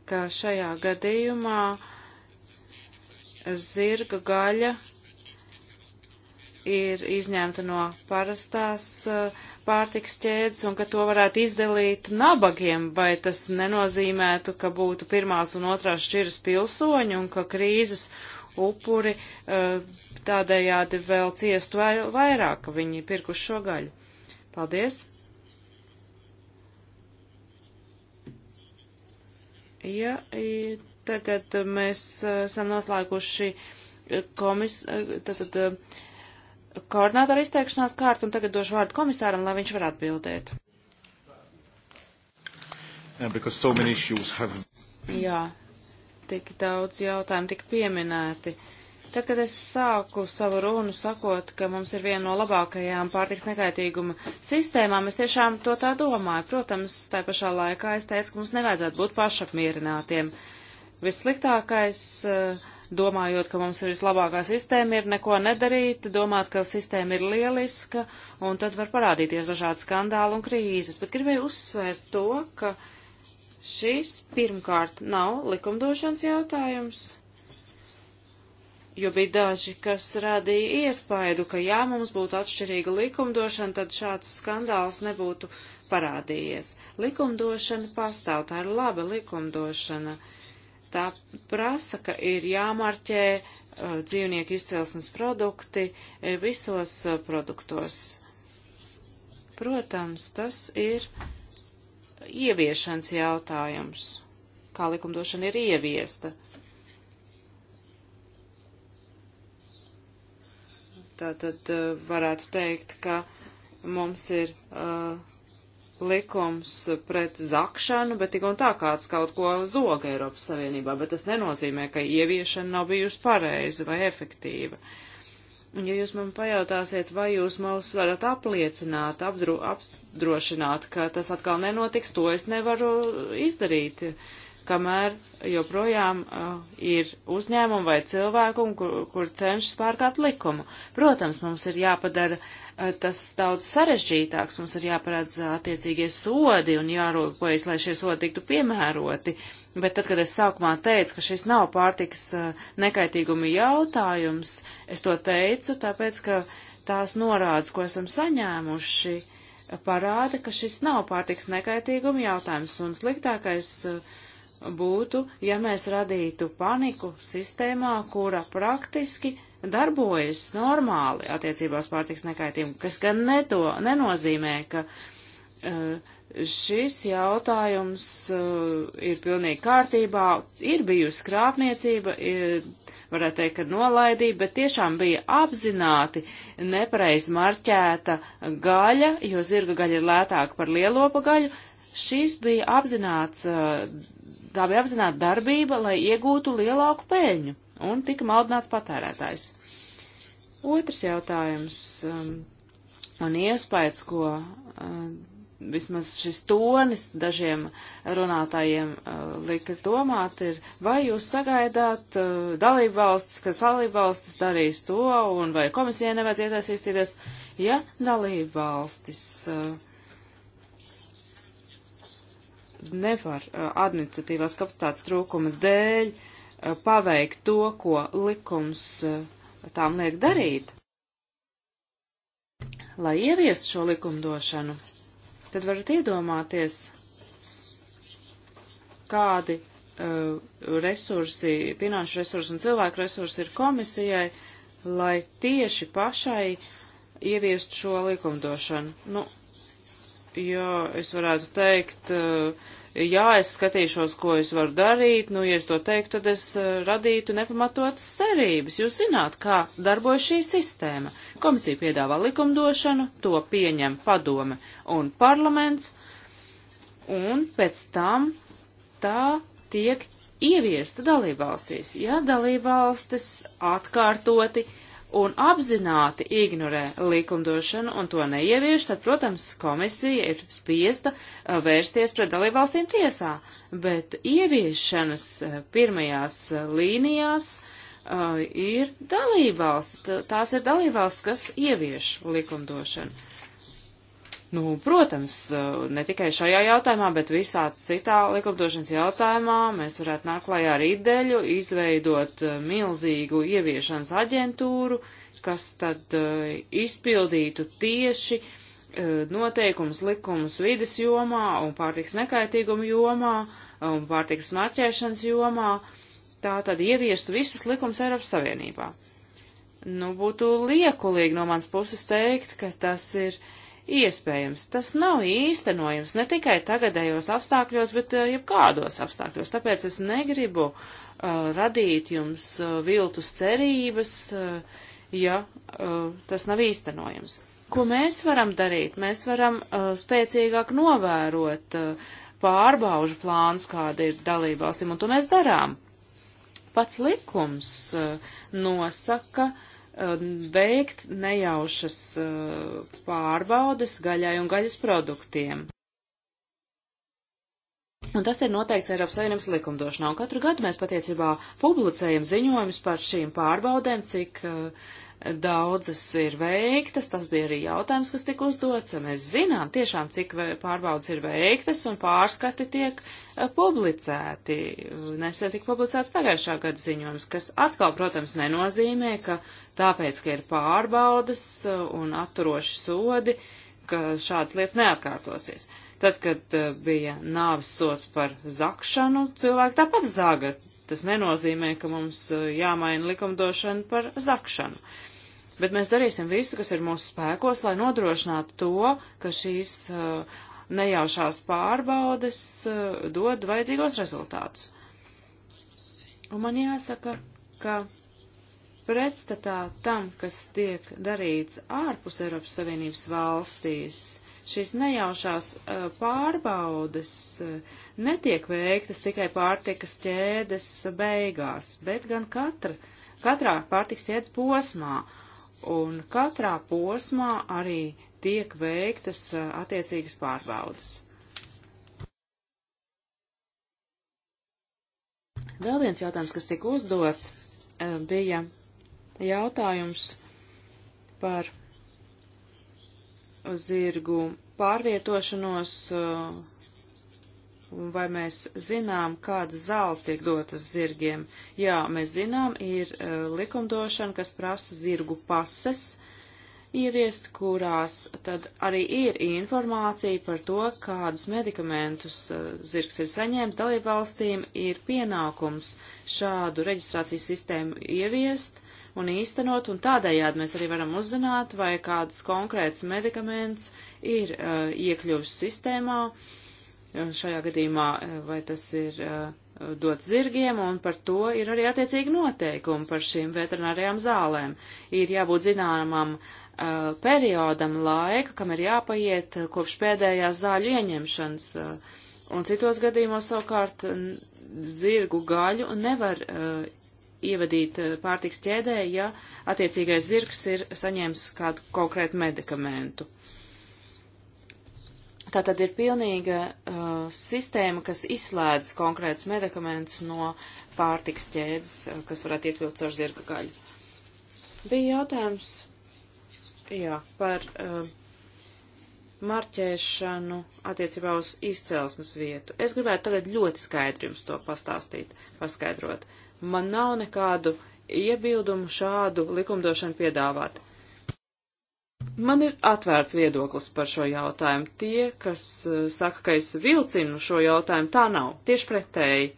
ka šajā gadījumā zirga gaļa ir izņemta no parastās uh, pārtiks ķēdes un ka to varētu izdalīt nabagiem, vai tas nenozīmētu, ka būtu pirmās un otrās šķiras pilsoņi un ka krīzes upuri eh, tādējādi vēl ciestu vairāk, ka viņi pirkuši šo gaļu. Paldies! Ja, tagad mēs eh, esam noslēguši eh, komis, tad, tad, koordinātoru izteikšanās kārtu, un tagad došu vārdu komisāram, lai viņš var atbildēt. Yeah, so have... Jā, tik daudz jautājumu tik pieminēti. Tad, kad es sāku savu runu sakot, ka mums ir viena no labākajām pārtiks nekaitīguma sistēmām, es tiešām to tā domāju. Protams, tā pašā laikā es teicu, ka mums nevajadzētu būt pašapmierinātiem. Vissliktākais uh, domājot, ka mums ir vislabākā sistēma, ir neko nedarīt, domāt, ka sistēma ir lieliska, un tad var parādīties dažādi skandāli un krīzes. Bet gribēju uzsvērt to, ka šis pirmkārt nav likumdošanas jautājums, jo bija daži, kas radīja iespaidu, ka ja mums būtu atšķirīga likumdošana, tad šāds skandāls nebūtu parādījies. Likumdošana pastāv, tā ir laba likumdošana. Uh, Tā prasa, ka ir jāmarķē uh, dzīvnieku izcelsmes produkti uh, visos uh, produktos. Protams, tas ir ieviešanas jautājums, kā likumdošana ir ieviesta. Tātad uh, varētu teikt, ka mums ir uh, likums pret zakšanu, bet tik un tā kāds kaut ko zoga Eiropas Savienībā, bet tas nenozīmē, ka ieviešana nav bijusi pareiza vai efektīva. Ja jūs man pajautāsiet, vai jūs mums varat apliecināt, apdro, apdrošināt, ka tas atkal nenotiks, to es nevaru izdarīt. Uh, kamēr joprojām uh, ir uzņēmumi vai cilvēku, kur, kur cenšas pārkāpt likumu. Protams, mums ir jāpadara uh, tas daudz sarežģītāks, mums ir jāparādz eh, attiecīgie sodi un jārūpojas, lai šie sodi tiktu piemēroti. Bet tad, kad es sākumā teicu, ka šis nav pārtiks nekaitīguma jautājums, es to teicu, tāpēc, ka tās norādes, ko esam saņēmuši, parāda, ka šis nav pārtiks nekaitīguma jautājums. Un sliktākais uh, būtu, ja mēs radītu paniku sistēmā, kura praktiski darbojas normāli attiecībās pārtiks nekaitību, kas gan neto, nenozīmē, ka uh, šis jautājums uh, ir pilnīgi kārtībā, ir bijusi krāpniecība, ir, eh, varētu teikt, ka nolaidība, bet tiešām bija apzināti nepareiz marķēta gaļa, jo zirga gaļa ir lētāka par lielopa gaļu, Šis bija apzināts, tā bija apzināta darbība, lai iegūtu lielāku peļņu un tika maldināts patērētājs. Otrs jautājums un iespējas, ko vismaz šis tonis dažiem runātājiem uh, lika domāt, ir, vai jūs sagaidāt uh, dalībvalstis, ka dalībvalstis darīs to, un vai komisijai nevajadzētu iesaistīties, ja dalībvalstis uh, nevar administratīvās kapacitātes trūkuma dēļ paveikt to, ko likums tām liek darīt, lai ieviestu šo likumdošanu, tad varat iedomāties, kādi uh, resursi, finanšu resursi un cilvēku resursi ir komisijai, lai tieši pašai ieviestu šo likumdošanu. Nu, jo es varētu teikt, uh, jā, es skatīšos, ko es varu darīt, nu, ja es to teiktu, tad es eh, radītu nepamatotas cerības. Jūs zināt, kā darbojas šī sistēma. Komisija piedāvā likumdošanu, to pieņem padome un parlaments, un pēc tam tā tiek ieviesta dalībvalstīs. Ja dalībvalstis atkārtoti un apzināti ignorē likumdošanu un to neievieš, tad, protams, komisija ir spiesta uh, vērsties pret dalībvalstīm tiesā, bet ieviešanas uh, pirmajās uh, līnijās uh, ir dalībvalsts, tās ir dalībvalsts, kas ievieš likumdošanu. Nu, protams, eh, ne tikai šajā jautājumā, bet visā citā likumdošanas jautājumā mēs varētu nākt klajā ar ideļu, izveidot eh, milzīgu ieviešanas aģentūru, kas tad eh, izpildītu tieši noteikums, likums vides jomā un pārtiks nekaitīguma jomā un pārtiks marķēšanas jomā. Tā tad ieviestu visus likums Eiropas Savienībā. Nu, būtu liekulīgi no mans puses teikt, ka tas ir uh, iespējams. Tas nav īstenojams ne tikai tagadējos apstākļos, bet eh, jebkādos apstākļos. Tāpēc es negribu uh, radīt jums uh, viltus cerības, uh, ja uh, tas nav īstenojams. Ko mēs varam darīt? Mēs varam uh, spēcīgāk novērot uh, pārbaužu plānus, kāda ir dalībvalstīm, un to mēs darām. Pats likums uh, nosaka, uh, Um, veikt nejaušas uh, pārbaudes gaļai un gaļas produktiem. Un tas ir noteikts Eiropas Savienības likumdošanā. Un katru gadu mēs patiecībā publicējam ziņojumus par šīm pārbaudēm, cik uh, daudzas ir veiktas. Tas bija arī jautājums, kas tika uzdots. Mēs zinām tiešām, cik pārbaudas ir veiktas un pārskati tiek uh, publicēti. Nesen tika publicēts pagājušā gada ziņojums, kas atkal, protams, nenozīmē, ka tāpēc, ka ir pārbaudas eh, un atturoši sodi, ka šādas lietas neatkārtosies. Uh, Tad, kad eh, bija nāvis sots par zakšanu, cilvēki tāpat zaga. Tas nenozīmē, ka mums eh, jāmaina likumdošana par zakšanu. Bet mēs darīsim visu, kas ir mūsu spēkos, lai nodrošinātu to, ka šīs eh, nejaušās pārbaudes dod vajadzīgos rezultātus. Un man jāsaka, ka pretstatā tam, kas tiek darīts ārpus Eiropas Savienības valstīs, Šīs nejaušās uh, pārbaudes uh, netiek veiktas tikai pārtikas ķēdes beigās, bet gan katra, katrā pārtikas ķēdes posmā. Un katrā posmā arī tiek veiktas uh, attiecīgas pārbaudas. Vēl viens jautājums, kas tika uzdots, bija jautājums par zirgu pārvietošanos, uh, vai mēs zinām, kādas zāles tiek dotas zirgiem. Jā, mēs zinām, ir uh, likumdošana, kas prasa zirgu pases ieviest, kurās tad arī ir informācija par to, kādus medikamentus uh, zirgs ir saņēmis. Dalībvalstīm ir pienākums šādu reģistrācijas sistēmu ieviest un īstenot, un tādējādi mēs arī varam uzzināt, vai kāds konkrēts medikaments ir uh, iekļuvis sistēmā, uh, šajā gadījumā, uh, vai tas ir uh, dots zirgiem, un par to ir arī attiecīgi noteikumi par šīm veterinārijām zālēm. Ir jābūt zināmam uh, periodam laika, kam ir jāpaiet uh, kopš pēdējās zāļu ieņemšanas, un citos gadījumos savukārt zirgu gaļu nevar uh, ievadīt eh, pārtiks ķēdē, ja attiecīgais zirgs ir saņēmis kādu konkrētu medikamentu. Tā tad ir pilnīga uh, sistēma, kas izslēdz konkrētus medikamentus no pārtiks ķēdes, eh, kas varētu iekļūt caur zirga gaļu. Bija jautājums jā, par uh, marķēšanu attiecībā uz izcelsmes vietu. Es gribētu tagad ļoti skaidri jums to pastāstīt, paskaidrot. Uh, Man nav nekādu iebildumu šādu likumdošanu piedāvāt. Man ir atvērts viedoklis par šo jautājumu. Tie, kas eh, saka, ka es vilcinu šo jautājumu, tā nav. Tieši pretēji.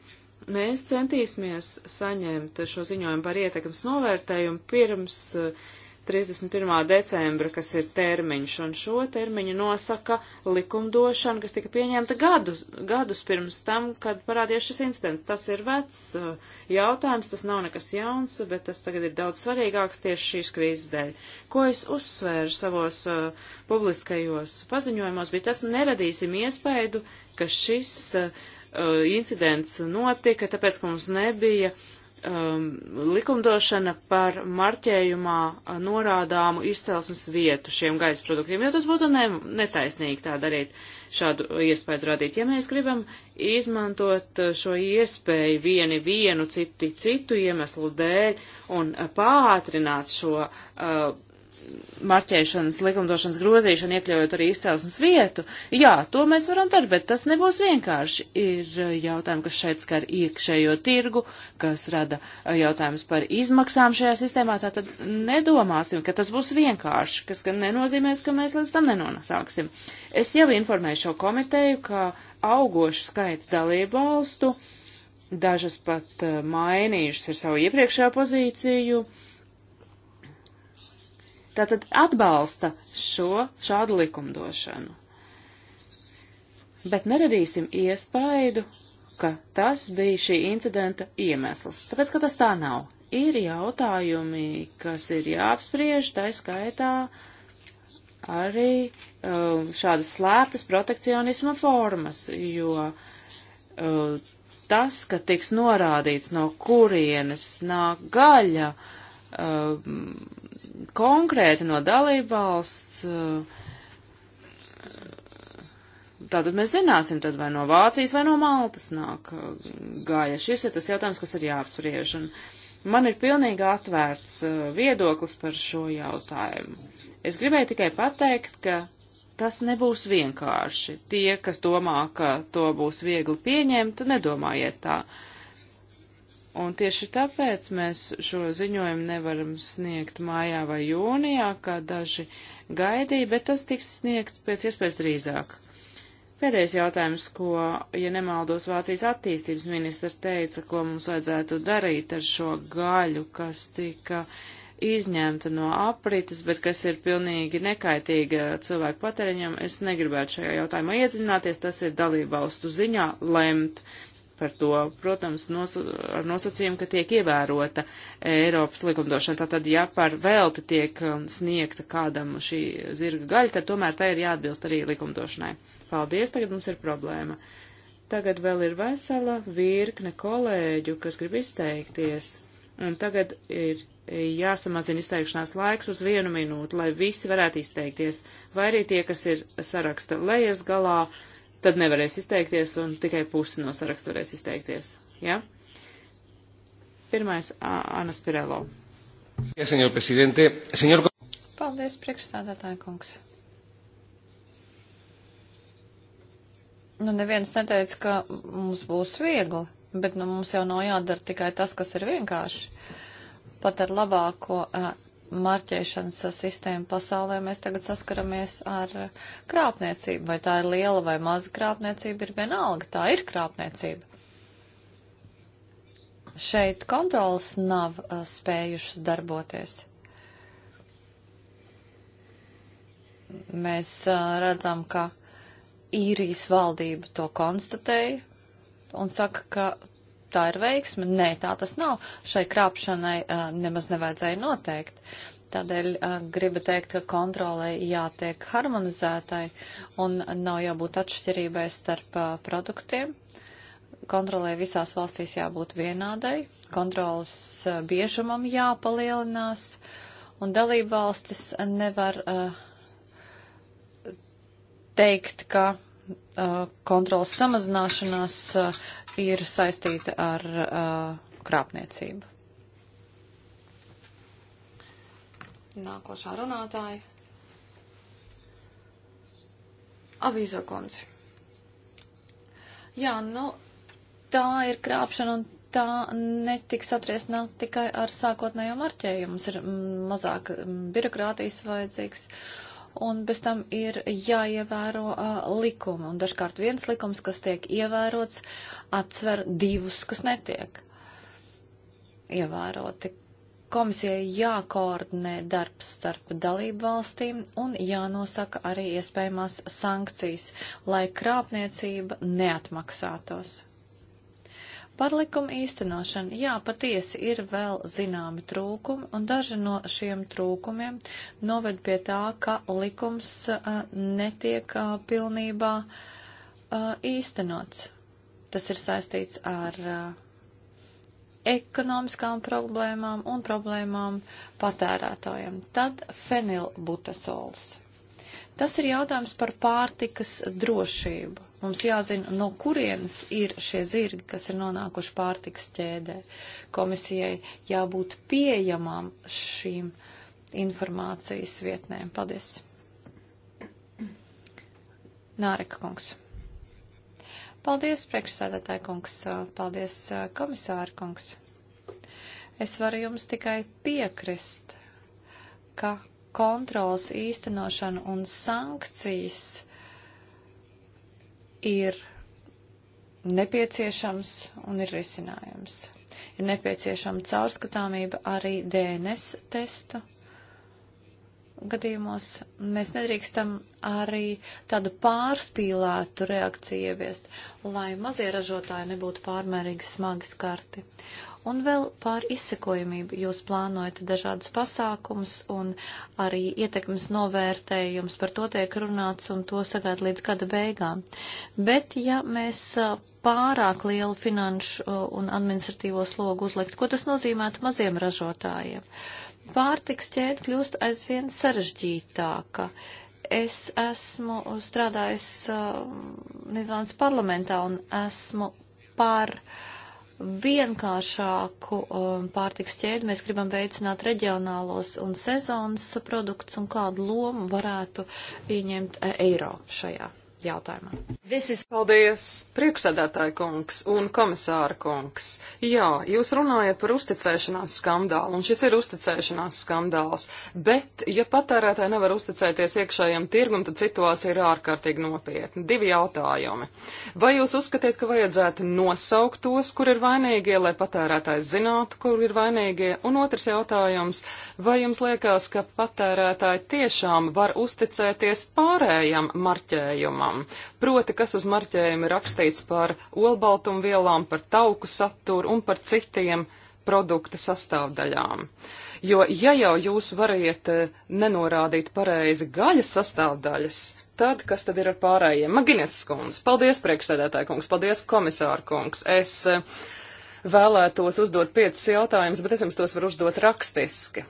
Mēs centīsimies saņemt šo ziņojumu par ietekmes novērtējumu pirms uh, 31. decembra, kas ir termiņš, un šo termiņu nosaka likumdošana, kas tika pieņemta gadus, gadus pirms tam, kad parādījās šis incidents. Tas ir vecs uh, jautājums, tas nav nekas jauns, bet tas tagad ir daudz svarīgāks tieši šīs krīzes dēļ. Ko es uzsvēru savos uh, publiskajos paziņojumos, bija tas, nu, neradīsim iespēju, ka šis uh, uh, incidents notika, tāpēc, ka mums nebija uh, um, likumdošana par marķējumā norādāmu izcelsmes vietu šiem gaļas produktiem, jo tas būtu ne, netaisnīgi tā darīt, šādu iespēju radīt. Ja mēs gribam izmantot šo iespēju vieni vienu, citi citu iemeslu dēļ un pātrināt šo uh, marķēšanas likumdošanas grozīšanu, iekļaujot arī izcelsmes vietu. Jā, to mēs varam darīt, bet tas nebūs vienkārši. Ir eh, jautājumi, kas šeit skar iekšējo tirgu, kas rada eh, jautājumus par izmaksām šajā sistēmā. Tātad nedomāsim, ka tas būs vienkārši, kas gan nenozīmēs, ka mēs līdz tam nenonāksim. Es jau informēju šo komiteju, ka augošs skaits dalību valstu, dažas pat eh, mainījušas ar savu iepriekšējo pozīciju, uh, tātad atbalsta šo šādu likumdošanu. Bet neradīsim iespaidu, ka tas bija šī incidenta iemesls, tāpēc, ka tas tā nav. Ir jautājumi, kas ir jāapspriež, tā skaitā arī um, šādas slēptas protekcionisma formas, jo um, tas, ka tiks norādīts, no kurienes nāk gaļa, um, konkrēti no dalībvalsts. Eh, tātad mēs zināsim, tad vai no Vācijas vai no Maltas nāk eh, gāja. Šis ir tas jautājums, kas ir jāapspriež. Un man ir pilnīgi atvērts eh, viedoklis par šo jautājumu. Es gribēju tikai pateikt, ka tas nebūs vienkārši. Tie, kas domā, ka to būs viegli pieņemt, nedomājiet tā. Uh, Un tieši tāpēc mēs šo ziņojumu nevaram sniegt mājā vai jūnijā, kā daži gaidīja, bet tas tiks sniegts pēc iespējas drīzāk. Pēdējais jautājums, ko, ja nemaldos, Vācijas attīstības ministra teica, ko mums vajadzētu darīt ar šo gaļu, kas tika izņemta no aprites, bet kas ir pilnīgi nekaitīga cilvēku patēriņam, es negribētu šajā jautājumā iedzināties, tas ir dalībvalstu ziņā lemt par to, protams, nos, ar nosacījumu, ka tiek ievērota Eiropas likumdošana. Tātad, ja par velti tiek um, sniegta kādam šī zirga gaļa, tad tomēr tai ir jāatbilst arī likumdošanai. Paldies, tagad mums ir problēma. Tagad vēl ir vesela virkne kolēģu, kas grib izteikties. Un tagad ir jāsamazina izteikšanās laiks uz vienu minūti, lai visi varētu izteikties. Vai arī tie, kas ir saraksta lejas galā, uh, tad nevarēs izteikties un tikai pusi no saraksta varēs izteikties. Ja? Pirmais, Ana Spirello. Ja, senjor prezidente, senjor... Paldies, priekšstādātāja kungs. Nu, neviens neteica, ka mums būs viegli, bet nu, mums jau nav jādara tikai tas, kas ir vienkārši. Pat ar labāko uh, marķēšanas sistēmu pasaulē, mēs tagad saskaramies ar krāpniecību. Vai tā ir liela vai maza krāpniecība, ir vienalga. Tā ir krāpniecība. Šeit kontrolas nav uh, spējušas darboties. Mēs uh, redzam, ka īrijas valdība to konstatēja un saka, ka tā ir veiksme. Nē, tā tas nav. Šai krāpšanai uh, nemaz nevajadzēja noteikt. Tādēļ uh, gribu teikt, ka kontrolē jātiek harmonizētai un nav jābūt atšķirībai starp uh, produktiem. Kontrolē visās valstīs jābūt vienādai, kontrolas uh, biežumam jāpalielinās un dalība valstis nevar uh, teikt, ka Uh, kontrolas samazināšanās uh, ir saistīta ar uh, krāpniecību. Nākošā runātāja. Avīzo kundze. Jā, nu, tā ir krāpšana un tā netiks atriesināt tikai ar sākotnējo marķējumu. Mums ir mm, mazāk mm, birokrātijas vajadzīgs. Uh, un bez tam ir jāievēro uh, likumi. Un dažkārt viens likums, kas tiek ievērots, atsver divus, kas netiek ievēroti. Komisijai jākoordinē darbs starp dalību valstīm un jānosaka arī iespējamās sankcijas, lai krāpniecība neatmaksātos. Par likumu īstenošanu, jā, patiesi ir vēl zināmi trūkumi, un daži no šiem trūkumiem noved pie tā, ka likums uh, netiek uh, pilnībā uh, īstenots. Tas ir saistīts ar ekonomiskām problēmām un problēmām patērētājiem. Tad fenilbutasols. Tas ir jautājums par pārtikas drošību Mums jāzina, no kurienes ir šie zirgi, kas ir nonākuši pārtiks ķēdē. Komisijai jābūt pieejamām šīm informācijas vietnēm. Paldies! Nāreka kungs. Paldies, priekšsēdētāji kungs. Paldies, komisāra kungs. Es varu jums tikai piekrist, ka kontrols īstenošana un sankcijas ir nepieciešams un ir risinājums. Ir nepieciešama caurskatāmība arī DNS testu gadījumos. Mēs nedrīkstam arī tādu pārspīlētu reakciju ieviest, lai mazie ražotāji nebūtu pārmērīgi smagi skarti. Un vēl pār izsekojamību jūs plānojat dažādas pasākums un arī ietekmes novērtējums par to tiek runāts un to sagād līdz gada beigām. Bet ja mēs pārāk lielu finanšu un administratīvo slogu uzlikt, ko tas nozīmētu maziem ražotājiem? Pārtiks ķēde kļūst aizvien sarežģītāka. Es esmu strādājis uh, Nīderlandes parlamentā un esmu par uh, vienkāršāku um, pārtiks ķēdi, mēs gribam veicināt reģionālos un sezonas produktus un kādu lomu varētu ieņemt e, eiro šajā jautājumā. Visis paldies, priekšsēdētāja kungs un komisāra kungs. Jā, jūs runājat par uzticēšanās skandālu, un šis ir uzticēšanās skandāls, bet, ja patērētāji nevar uzticēties iekšējiem tirgum, tad situācija ir ārkārtīgi nopietna. Divi jautājumi. Vai jūs uzskatiet, ka vajadzētu nosaukt tos, kur ir vainīgie, lai patērētājs zinātu, kur ir vainīgie? Un otrs jautājums, vai jums liekas, ka patērētāji tiešām var uzticēties pārējam marķējumam? vielām. Proti, kas uz marķējuma ir rakstīts par olbaltumvielām, par tauku saturu un par citiem produkta sastāvdaļām. Jo, ja jau jūs variet eh, nenorādīt pareizi gaļas sastāvdaļas, tad kas tad ir ar pārējiem? Maginis skundz, paldies priekšsēdētāji kungs, paldies komisāra kungs. Es eh, vēlētos uzdot piecus jautājumus, bet es jums tos varu uzdot rakstiski.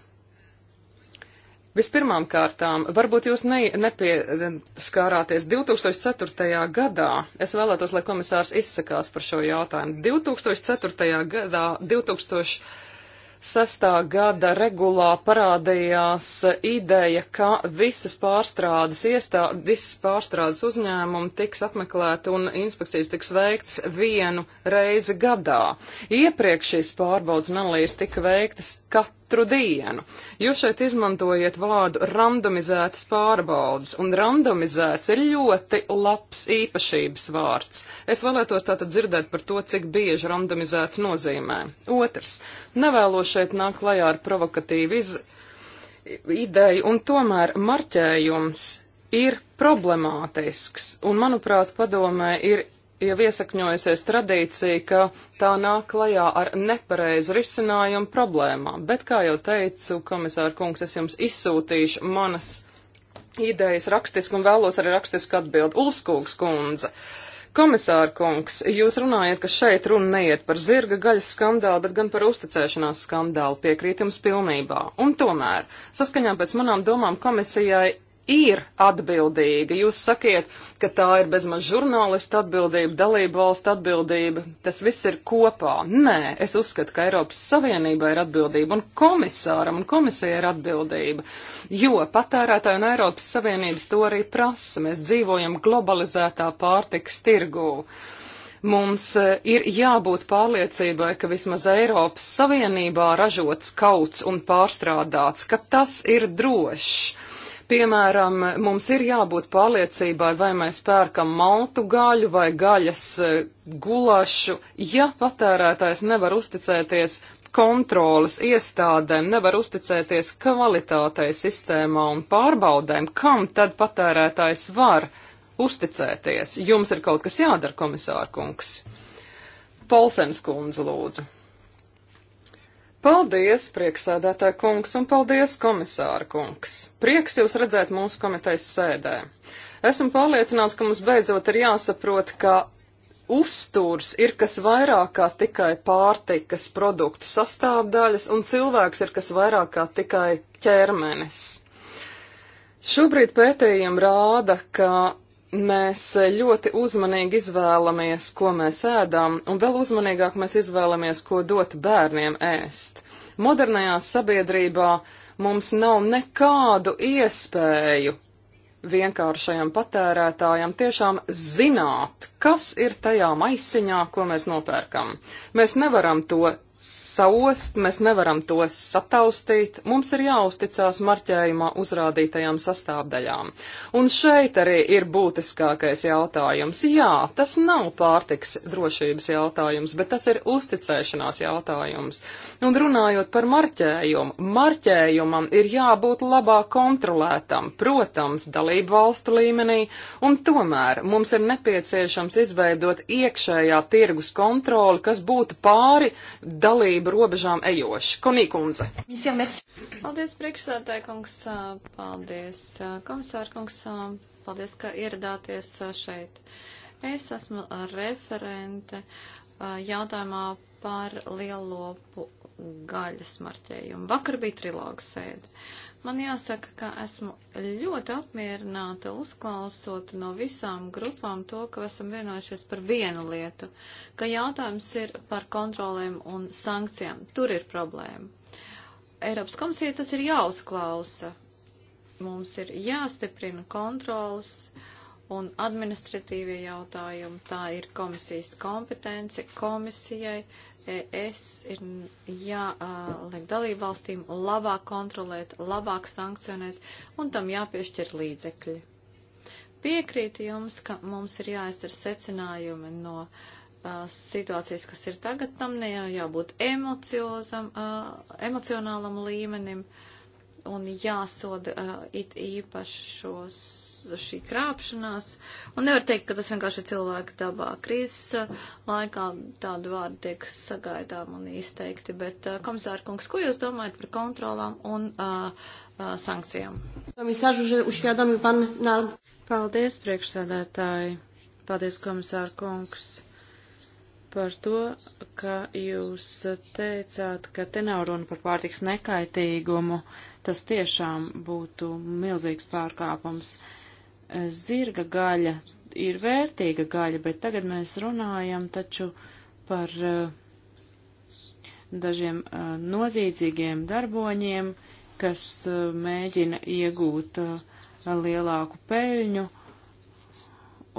Vispirmām kārtām, varbūt jūs ne, nepieskārāties 2004. gadā. Es vēlētos, lai komisārs izsakās par šo jautājumu. 2004. gadā, 2006. gada regulā parādījās ideja, ka visas pārstrādes iestā, visas pārstrādes uzņēmumi tiks apmeklēti un inspekcijas tiks veikts vienu reizi gadā. Iepriekš šīs pārbaudas un analīzes tika veiktas katru katru dienu. Jūs šeit izmantojiet vārdu randomizētas pārbaudas, un randomizēts ir ļoti labs īpašības vārds. Es vēlētos tātad dzirdēt par to, cik bieži randomizēts nozīmē. Otrs, nevēlos šeit nākt klajā ar provokatīvu iz ideju, un tomēr marķējums ir problemātisks, un, manuprāt, padomē ir jau iesakņojusies tradīcija, ka tā nāk klajā ar nepareizu risinājumu problēmām. Bet, kā jau teicu, komisāra kungs, es jums izsūtīšu manas idejas rakstiski un vēlos arī rakstisku atbildi. Ulskūgs kundze. Komisāra kungs, jūs runājat, ka šeit runa neiet par zirga gaļas skandālu, bet gan par uzticēšanās skandālu. Piekrīt jums pilnībā. Un tomēr, saskaņā pēc manām domām, komisijai ir atbildīga. Jūs sakiet, ka tā ir bezmaz žurnālistu atbildība, dalību valstu atbildība, tas viss ir kopā. Nē, es uzskatu, ka Eiropas Savienībai ir atbildība un komisāram un komisijai ir atbildība, jo patērētāji un Eiropas Savienības to arī prasa. Mēs dzīvojam globalizētā pārtikas tirgū mums e, ir jābūt pārliecībai, ka vismaz Eiropas Savienībā ražots kauts un pārstrādāts, ka tas ir drošs. Piemēram, mums ir jābūt pārliecībai, vai mēs pērkam maltu gaļu vai gaļas e, gulašu, ja patērētājs nevar uzticēties kontrolas iestādēm, nevar uzticēties kvalitātei sistēmā un pārbaudēm, kam tad patērētājs var uzticēties. Jums ir kaut kas jādara, komisārkungs. Polsens kundze lūdzu. Paldies, prieksēdētāja kungs, un paldies, komisāra kungs. Prieks jūs redzēt mūsu komitejas sēdē. Esmu pārliecināts, ka mums beidzot ir jāsaprot, ka uzturs ir kas vairāk kā tikai pārtikas produktu sastāvdaļas, un cilvēks ir kas vairāk kā tikai ķermenis. Šobrīd pētījumi rāda, ka mēs ļoti uzmanīgi izvēlamies, ko mēs ēdam, un vēl uzmanīgāk mēs izvēlamies, ko dot bērniem ēst. Modernajā sabiedrībā mums nav nekādu iespēju vienkāršajam patērētājam tiešām zināt, kas ir tajā maisiņā, ko mēs nopērkam. Mēs nevaram to saost, mēs nevaram tos sataustīt, mums ir jāuzticās marķējumā uzrādītajām sastāvdaļām. Un šeit arī ir būtiskākais jautājums. Jā, tas nav pārtiks drošības jautājums, bet tas ir uzticēšanās jautājums. Un runājot par marķējumu, marķējumam ir jābūt labāk kontrolētam, protams, dalību valstu līmenī, un tomēr mums ir nepieciešams izveidot iekšējā tirgus kontroli, kas būtu pāri dalību dalību robežām ejoši. Konīkundze. Paldies, priekšsēdētāji kungs, paldies, komisāra kungs, paldies, ka ieradāties šeit. Es esmu referente jautājumā par lielopu gaļas marķējumu. Vakar bija trilogu sēde. Uh, Man jāsaka, ka esmu ļoti apmierināta uzklausot no visām grupām to, ka esam vienojušies par vienu lietu, ka jautājums ir par kontrolēm un sankcijām. Tur ir problēma. Eiropas komisija tas ir jāuzklausa. Mums ir jāstiprina kontrols. Uh, un administratīvie jautājumi. Tā ir komisijas kompetence. Komisijai es ir jāliek dalību valstīm labāk kontrolēt, labāk sankcionēt, un tam jāpiešķir līdzekļi. Piekrītu jums, ka mums ir jāizdara secinājumi no uh, situācijas, kas ir tagad, tam ne jau jābūt emociozam, uh, emocionālam līmenim un jāsoda uh, it īpaši šos šī krāpšanās. Un nevar teikt, ka tas vienkārši ir cilvēka dabā. Krīzes uh, laikā tādu vārdu tiek sagaidām un izteikti. Bet, uh, komisāra kungs, ko jūs domājat par kontrolām un uh, uh, sankcijām? Paldies, priekšsēdētāji. Paldies, komisāra kungs par to, ka jūs teicāt, ka te nav runa par pārtiks nekaitīgumu. Tas tiešām būtu milzīgs pārkāpums. Uh, zirga gaļa ir vērtīga gaļa, bet tagad mēs runājam taču par eh, dažiem eh, nozīdzīgiem darboņiem, kas eh, mēģina iegūt lielāku peļņu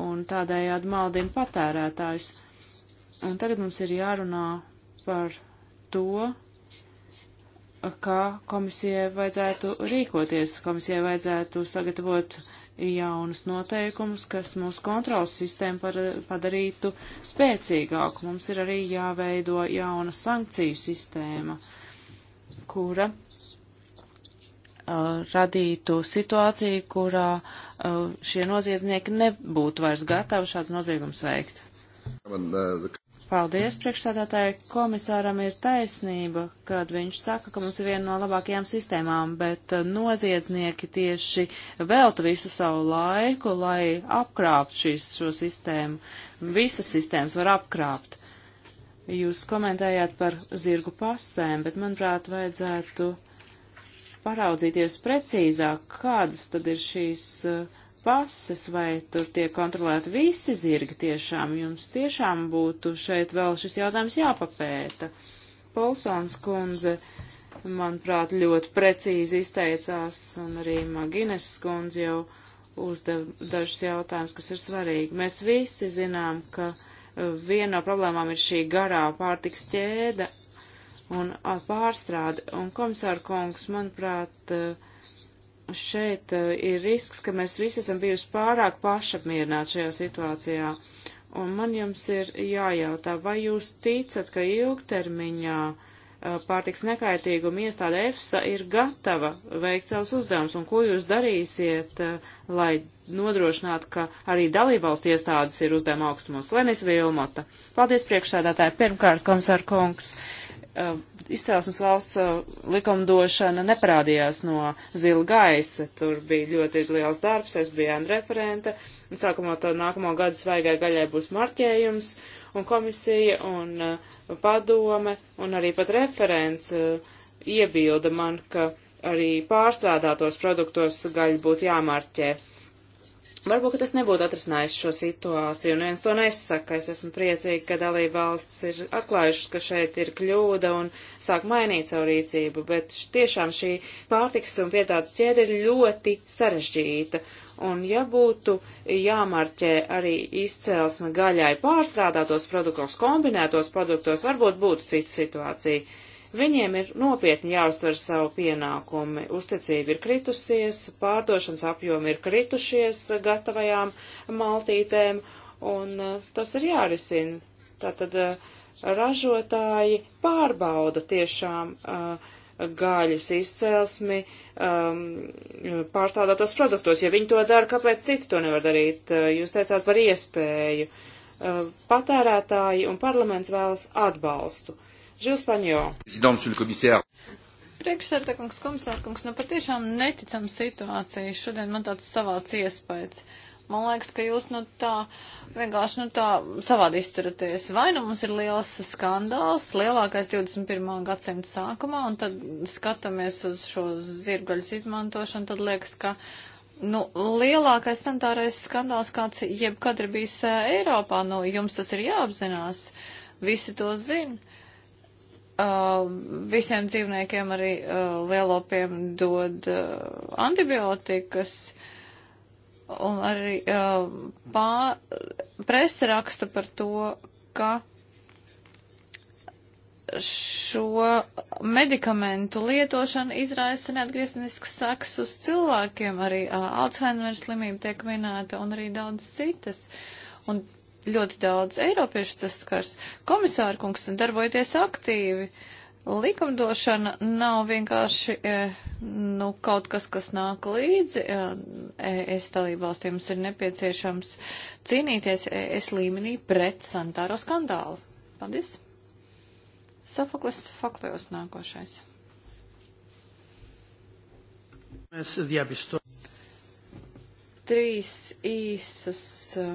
un tādējādi maldina patērētājs. Un tagad mums ir jārunā par to, kā komisijai vajadzētu rīkoties. Komisijai vajadzētu sagatavot jaunus noteikumus, kas mūsu kontrolas sistēmu par, padarītu spēcīgāku. Mums ir arī jāveido jauna sankciju sistēma, kura uh, radītu situāciju, kurā uh, šie noziedznieki nebūtu vairs gatavi šāds noziegums veikt. Man, uh, the... Paldies, priekšsādātāji. Komisāram ir taisnība, kad viņš saka, ka mums ir viena no labākajām sistēmām, bet uh, noziedznieki tieši velta visu savu laiku, lai apkrāptu šīs, šo sistēmu. Visas sistēmas var apkrāpt. Jūs komentējāt par zirgu pasēm, bet, manuprāt, vajadzētu paraudzīties precīzāk, kādas tad ir šīs uh, pases, vai tur tiek kontrolēti visi zirgi tiešām. Jums tiešām būtu šeit vēl šis jautājums jāpapēta. Polsons kundze, manuprāt, ļoti precīzi izteicās, un arī Magines skundze jau uzdeva dažus jautājumus, kas ir svarīgi. Mēs visi zinām, ka e, viena no problēmām ir šī garā pārtiks ķēda un pārstrāde. Un komisāra kungs, manuprāt, uh, šeit eh, ir risks, ka mēs visi esam bijuši pārāk pašapmierināti šajā situācijā. Un man jums ir jājautā, vai jūs ticat, ka ilgtermiņā eh, pārtiks nekaitīguma iestāde EFSA ir gatava veikt savus uzdevumus, un ko jūs darīsiet, eh, lai nodrošinātu, ka arī dalībvalstu iestādes ir uzdevuma augstumos? Lenis Vilmota. Paldies priekšsēdētāji. Pirmkārt, komisāra kungs, Uh, izcelsmes valsts uh, likumdošana neparādījās no zila gaisa. Tur bija ļoti liels darbs, es biju Andrē referente, un sākumā to nākamo gadu svaigai gaļai būs marķējums, un komisija, un uh, padome, un arī pat referents iebilda man, ka arī pārstrādātos produktos gaļa būtu jāmarķē. Varbūt, ka tas nebūtu atrisinājis šo situāciju, un viens to nesaka. Es esmu priecīgi, ka dalība valsts ir atklājušas, ka šeit ir kļūda un sāk mainīt savu rīcību, bet tiešām šī pārtiks un pietādes ķēde ir ļoti sarežģīta. Un ja būtu jāmarķē arī izcelsme gaļai pārstrādātos produktos, kombinētos produktos, varbūt būtu cita situācija. Viņiem ir nopietni jāuztver savu pienākumi. Uzticība ir kritusies, pārdošanas apjomi ir kritušies gatavajām maltītēm, un uh, tas ir jārisina. Tātad uh, ražotāji pārbauda tiešām uh, gaļas izcelsmi um, pārstādātos produktos. Ja viņi to dara, kāpēc citi to nevar darīt? Uh, jūs teicāt par iespēju. Uh, patērētāji un parlaments vēlas atbalstu. Uh, Žils Paņo. Priekšsēdētājs komisārkungs, nu patiešām neticam situāciju. Šodien man tāds savāds iespējas. Man liekas, ka jūs nu tā vienkārši nu tā savādi izturaties. Vai nu mums ir liels skandāls, lielākais 21. gadsimta sākumā, un tad skatāmies uz šo zirgaļas izmantošanu, tad liekas, ka nu, lielākais sanitārais skandāls, kāds jebkad ir bijis Eiropā, nu jums tas ir jāapzinās. Visi to zina. Uh, visiem dzīvniekiem arī uh, lielopiem dod uh, antibiotikas. Un arī uh, pā, presa raksta par to, ka šo medikamentu lietošana izraisa neatgriezenisks seks uz cilvēkiem. Arī uh, Alzheimer slimība tiek minēta un arī daudz citas. Un ļoti daudz eiropiešu tas skars. Komisāra kungs darbojoties aktīvi. Likumdošana nav vienkārši e, nu, kaut kas, kas nāk līdzi. Es e dalībvalstīm mums ir nepieciešams cīnīties es līmenī pret santāro skandālu. Paldies! Sofoklis Foklējos nākošais. Mēs diabisto. Trīs īsus. Uh,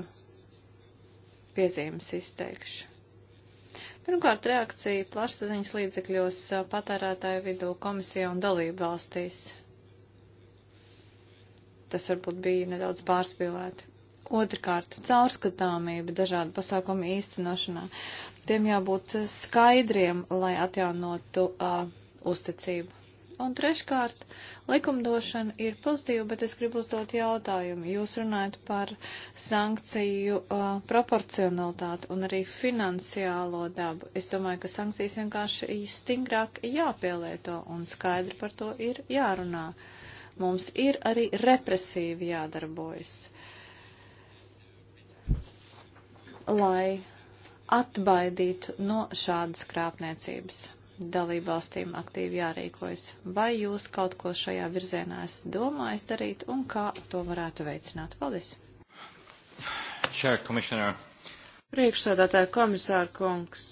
piezīmes izteikšu. Pirmkārt, reakcija plašsaziņas līdzekļos patērētāju vidū komisija un dalību valstīs. Tas varbūt bija nedaudz pārspīlēti. Otrakārt, caurskatāmība dažādu pasākumu īstenošanā. Tiem jābūt skaidriem, lai atjaunotu uh, uzticību. Un treškārt, likumdošana ir pozitīva, bet es gribu uzdot jautājumu. Jūs runājat par sankciju uh, proporcionalitāti un arī finansiālo dabu. Es domāju, ka sankcijas vienkārši stingrāk jāpielieto un skaidri par to ir jārunā. Mums ir arī represīvi jādarbojas, lai atbaidītu no šādas krāpniecības dalībvalstīm aktīvi jārīkojas. Vai jūs kaut ko šajā virzienā esat domājis darīt un kā to varētu veicināt? Paldies! Chair, Commissioner. Priekšsēdētāja komisāra kungs.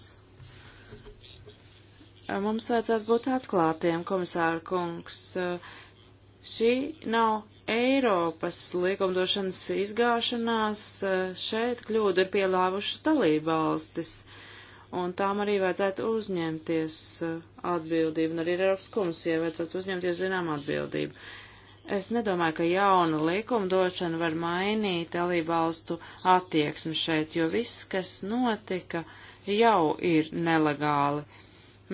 Mums vajadzētu būt atklātiem, komisāra kungs. Šī nav Eiropas likumdošanas izgāšanās. Šeit kļūdu ir pielāvušas dalībvalstis. valstis un tām arī vajadzētu uzņemties uh, atbildību, un arī Eiropas komisijai vajadzētu uzņemties zinām atbildību. Es nedomāju, ka jauna likumdošana var mainīt dalībvalstu attieksmi šeit, jo viss, kas notika, jau ir nelegāli.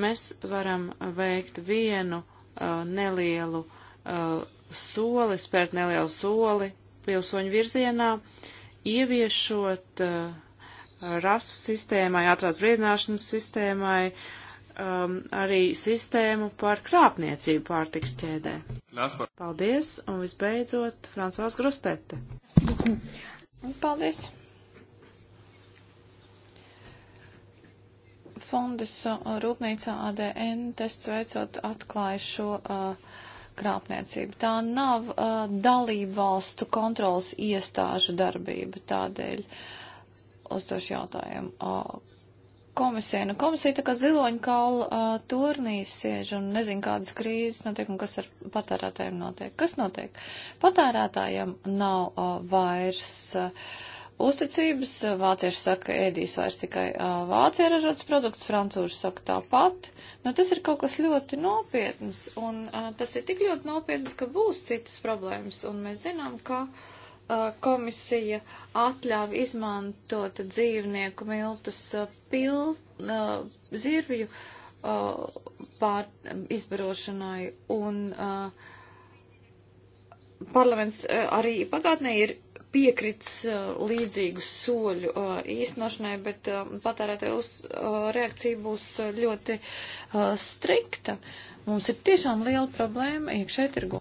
Mēs varam veikt vienu uh, nelielu uh, soli, spērt nelielu soli pilsoņu virzienā, ieviešot uh, rasu sistēmai, ātrās brīdināšanas sistēmai, um, arī sistēmu par krāpniecību pārtiks ķēdē. Lāspār. Paldies, un visbeidzot, Francos Grostete. Paldies. Fondas uh, rūpnīcā ADN tests veicot atklāja šo uh, krāpniecību. Tā nav uh, dalību valstu kontrolas iestāžu darbība tādēļ. Uh, uzdošu jautājumu komisija. Nu, komisija tā kā ziloņa kaula uh, turnīs siež un nezin, kādas krīzes notiek un kas ar patērētājiem notiek. Kas notiek? Patērētājiem nav uh, vairs. Uh, Uzticības vācieši saka, ēdīs vairs tikai uh, vācijā ražots produkts, francūži saka tāpat. Nu, tas ir kaut kas ļoti nopietns, un uh, tas ir tik ļoti nopietns, ka būs citas problēmas, un mēs zinām, ka uh, Uh, komisija atļāva izmantot dzīvnieku miltus uh, pil, uh, zirvju pār, um, izbarošanai un parlaments arī pagātnē ir piekrits līdzīgu soļu īstenošanai, bet patērētāju reakcija būs ļoti strikta. Uh, Mums ir tiešām liela problēma iekšē tirgu.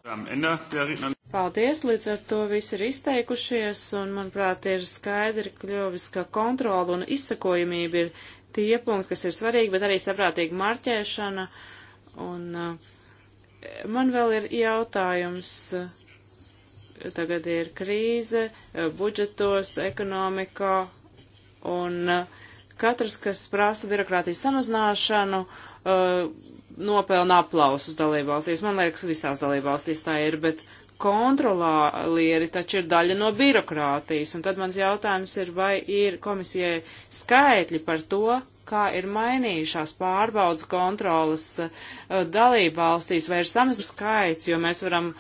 Paldies, līdz ar to visi ir izteikušies, un, manuprāt, ir skaidri kļuvis, ka kontrola un izsakojamība ir tie punkti, kas ir svarīgi, bet arī saprātīga marķēšana. Un eh, man vēl ir jautājums. Tagad ir krīze eh, budžetos, ekonomikā, un eh, katrs, kas prasa birokrātijas samazināšanu, nopelna aplausus dalībvalstīs. Man liekas, visās dalībvalstīs tā ir, bet kontrolālieri taču ir daļa no birokrātijas. Un tad mans jautājums ir, vai ir komisijai skaitļi par to, kā ir mainījušās pārbaudas kontrolas uh, dalībvalstīs, vai ir samazināts skaits, jo mēs varam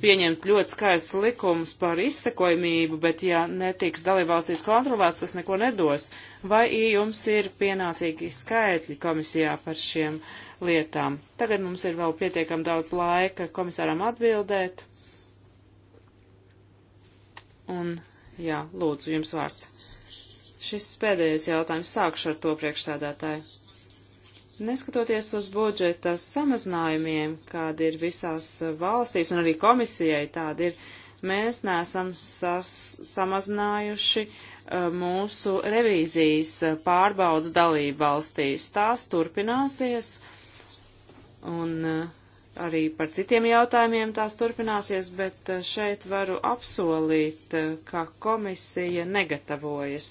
pieņemt ļoti skaistus likumus par izsekojamību, bet ja netiks dalībvalstīs kontrolēts, tas neko nedos. Vai jums ir pienācīgi skaitļi komisijā par šiem uh, lietām. Tagad mums ir vēl pietiekam daudz laika komisāram atbildēt. Un, jā, lūdzu, jums vārds. Šis pēdējais jautājums sākšu ar to priekšsēdētāju. Neskatoties uz budžeta samazinājumiem, kāda ir visās valstīs un arī komisijai tāda ir, mēs neesam sas, samazinājuši uh, mūsu revīzijas pārbaudas dalību valstīs. Tās turpināsies. Uh, un eh, arī par citiem jautājumiem tās turpināsies, bet eh, šeit varu apsolīt, eh, ka komisija negatavojas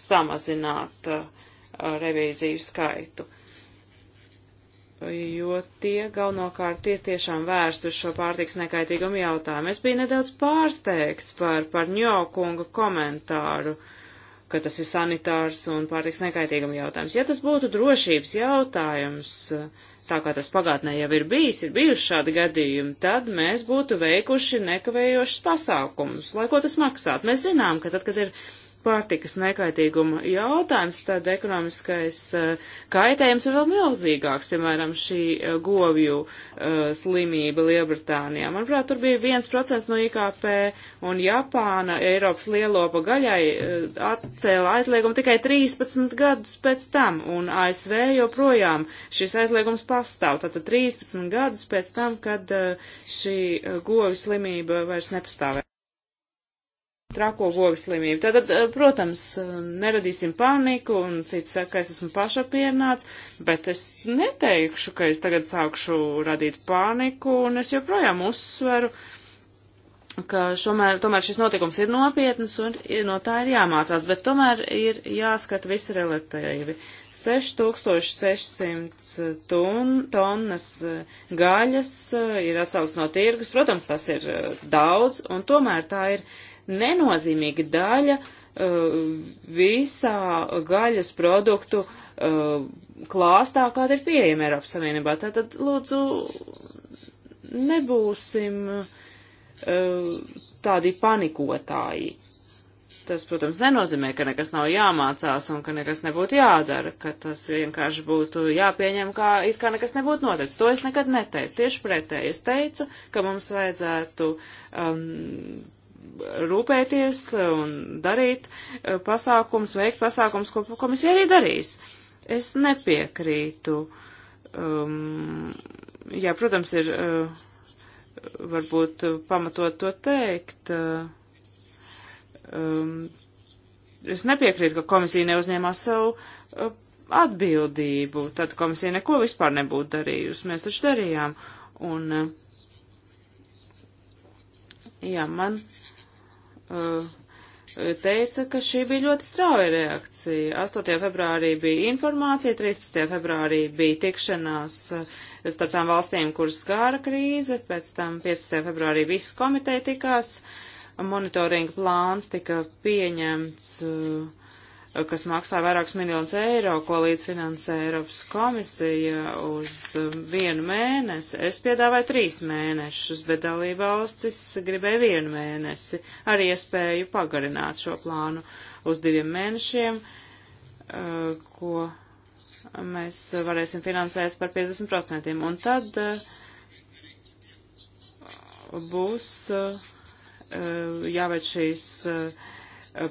samazināt revīziju skaitu, jo tie galvenokārt tie tiešām vērst uz šo pārtiks nekaitīgumu jautājumu. Es biju nedaudz pārsteigts par, par ņokunga komentāru ka tas ir sanitārs un pārtiks nekaitīguma jautājums. Ja tas būtu drošības jautājums, tā kā tas pagātnē jau ir bijis, ir bijuši šādi gadījumi, tad mēs būtu veikuši nekavējošas pasākumus, lai ko tas maksātu. Mēs zinām, ka tad, kad ir pārtikas nekaitīguma jautājums, tad ekonomiskais eh, kaitējums ir vēl milzīgāks, piemēram, šī eh, govju uh, slimība Lielbritānijā. Manuprāt, tur bija 1% no IKP, un Japāna Eiropas lielopa gaļai uh, atcēla aizliegumu tikai 13 gadus pēc tam, un ASV joprojām šis aizliegums pastāv, tātad 13 gadus pēc tam, kad uh, šī govju slimība vairs nepastāvē trako govis slimību. Tātad, eh, protams, neradīsim paniku, un cits saka, ka es esmu pašapmierināts, bet es neteikšu, ka es tagad sākšu radīt paniku, un es joprojām uzsveru, ka šomēr, tomēr šis notikums ir nopietns, un no tā ir jāmācās, bet tomēr ir jāskata visi relatīvi. 6600 tun, tonnas eh, gaļas eh, ir atsaugs no tirgus, protams, tas ir daudz, un tomēr tā ir nenozīmīga daļa uh, visā gaļas produktu uh, klāstā, kāda ir pieejama Eiropas Savienībā. Tātad, lūdzu, nebūsim uh, tādi panikotāji. Tas, protams, nenozīmē, ka nekas nav jāmācās un ka nekas nebūtu jādara, ka tas vienkārši būtu jāpieņem, kā it kā nekas nebūtu noticis. To es nekad neteicu. Tieši pretēji es teicu, ka mums vajadzētu um, rūpēties un darīt eh, pasākums, veikt pasākums, ko komisija arī darīs. Es nepiekrītu. Um, jā, protams, ir uh, varbūt pamatot to teikt. Uh, um, es nepiekrītu, ka komisija neuzņēmās savu uh, atbildību. Tad komisija neko vispār nebūtu darījusi. Mēs taču darījām. Un, uh, jā, man. Uh, Uh, teica, ka šī bija ļoti strauja reakcija. 8. februārī bija informācija, 13. februārī bija tikšanās uh, starp tām valstīm, kuras skāra krīze, pēc tam 15. februārī visi komiteja tikās, monitoringa plāns tika pieņemts uh, Eh, kas maksā vairākus miljonus eiro, ko līdzfinansē Eiropas komisija uz eh, vienu mēnesi. Es piedāvāju trīs mēnešus, bet dalībvalstis gribēja vienu mēnesi ar iespēju pagarināt šo plānu uz diviem mēnešiem, eh, ko mēs varēsim finansēt par 50%. Un tad būs jāveic šīs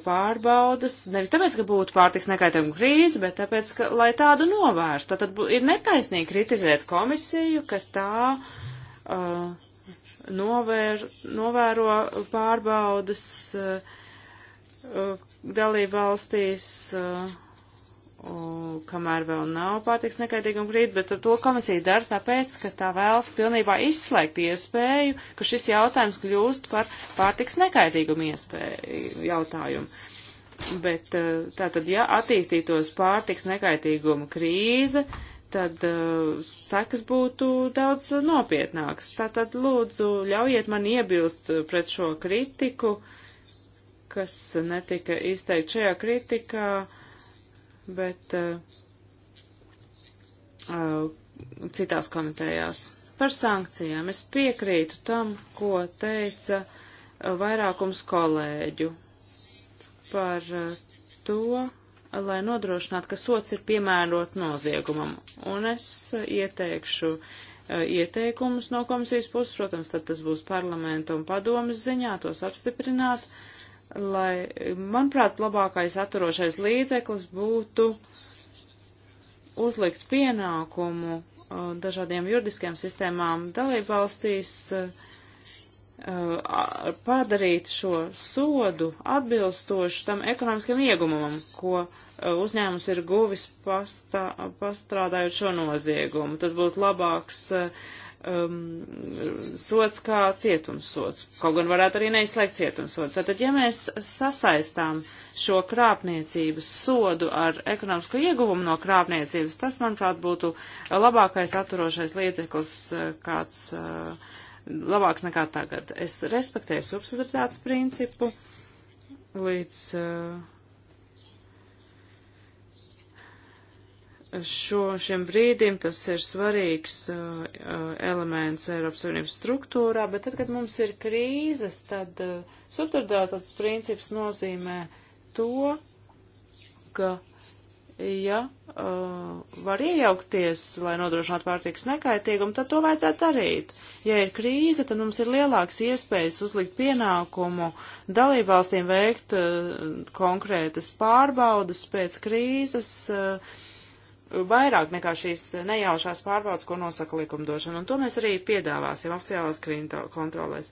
pārbaudas, nevis tāpēc, ka būtu pārtiks nekaitējuma krīze, bet tāpēc, ka, lai tādu novērstu. Tad, tad ir netaisnīgi kritizēt komisiju, ka tā uh, novēr, novēro pārbaudas uh, dalību valstīs. Uh, kamēr vēl nav pārtiks nekaitīguma grīda, bet to komisija dara tāpēc, ka tā vēlas pilnībā izslēgt iespēju, ka šis jautājums kļūst par pārtiks nekaitīgumu iespēju jautājumu. Bet eh, tātad, ja attīstītos pārtiks nekaitīguma krīze, tad uh, sekas būtu daudz nopietnākas. Tātad, lūdzu, ļaujiet man iebilst pret šo kritiku, kas netika izteikt šajā kritikā. Uh, bet uh, uh, citās komitejās. Par sankcijām es piekrītu tam, ko teica uh, vairākums kolēģu par uh, to, lai nodrošinātu, ka sots ir piemērot noziegumam. Un es ieteikšu uh, ieteikumus no komisijas puses, protams, tad tas būs parlamenta un padomas ziņā tos apstiprināt. Uh, lai, manuprāt, labākais atturošais līdzeklis būtu uzlikt pienākumu uh, dažādiem juridiskiem sistēmām dalībvalstīs uh, padarīt šo sodu atbilstošu tam ekonomiskam iegumam, ko uh, uzņēmums ir guvis pastā, pastrādājot šo noziegumu. Tas būtu labāks uh, um, sots kā cietumsots. Kaut gan varētu arī neizslēgt cietumsodu. Tātad, ja mēs sasaistām šo krāpniecības sodu ar ekonomisko ieguvumu no krāpniecības, tas, manuprāt, būtu labākais atturošais līdzeklis, uh, kāds uh, labāks nekā tagad. Es respektēju subsidaritātes principu līdz. Uh, šo, šiem brīdim tas ir svarīgs uh, uh, elements Eiropas Savienības struktūrā, bet tad, kad mums ir krīzes, tad uh, subturdātātas princips nozīmē to, ka, ja uh, var iejaukties, lai nodrošinātu pārtīks nekaitīgumu, tad to vajadzētu darīt. Ja ir krīze, tad mums ir lielāks iespējas uzlikt pienākumu dalībvalstīm veikt uh, konkrētas pārbaudas pēc krīzes, uh, vairāk nekā šīs nejaušās pārbaudas, ko nosaka likumdošana, un to mēs arī piedāvāsim oficiālās kontrolēs.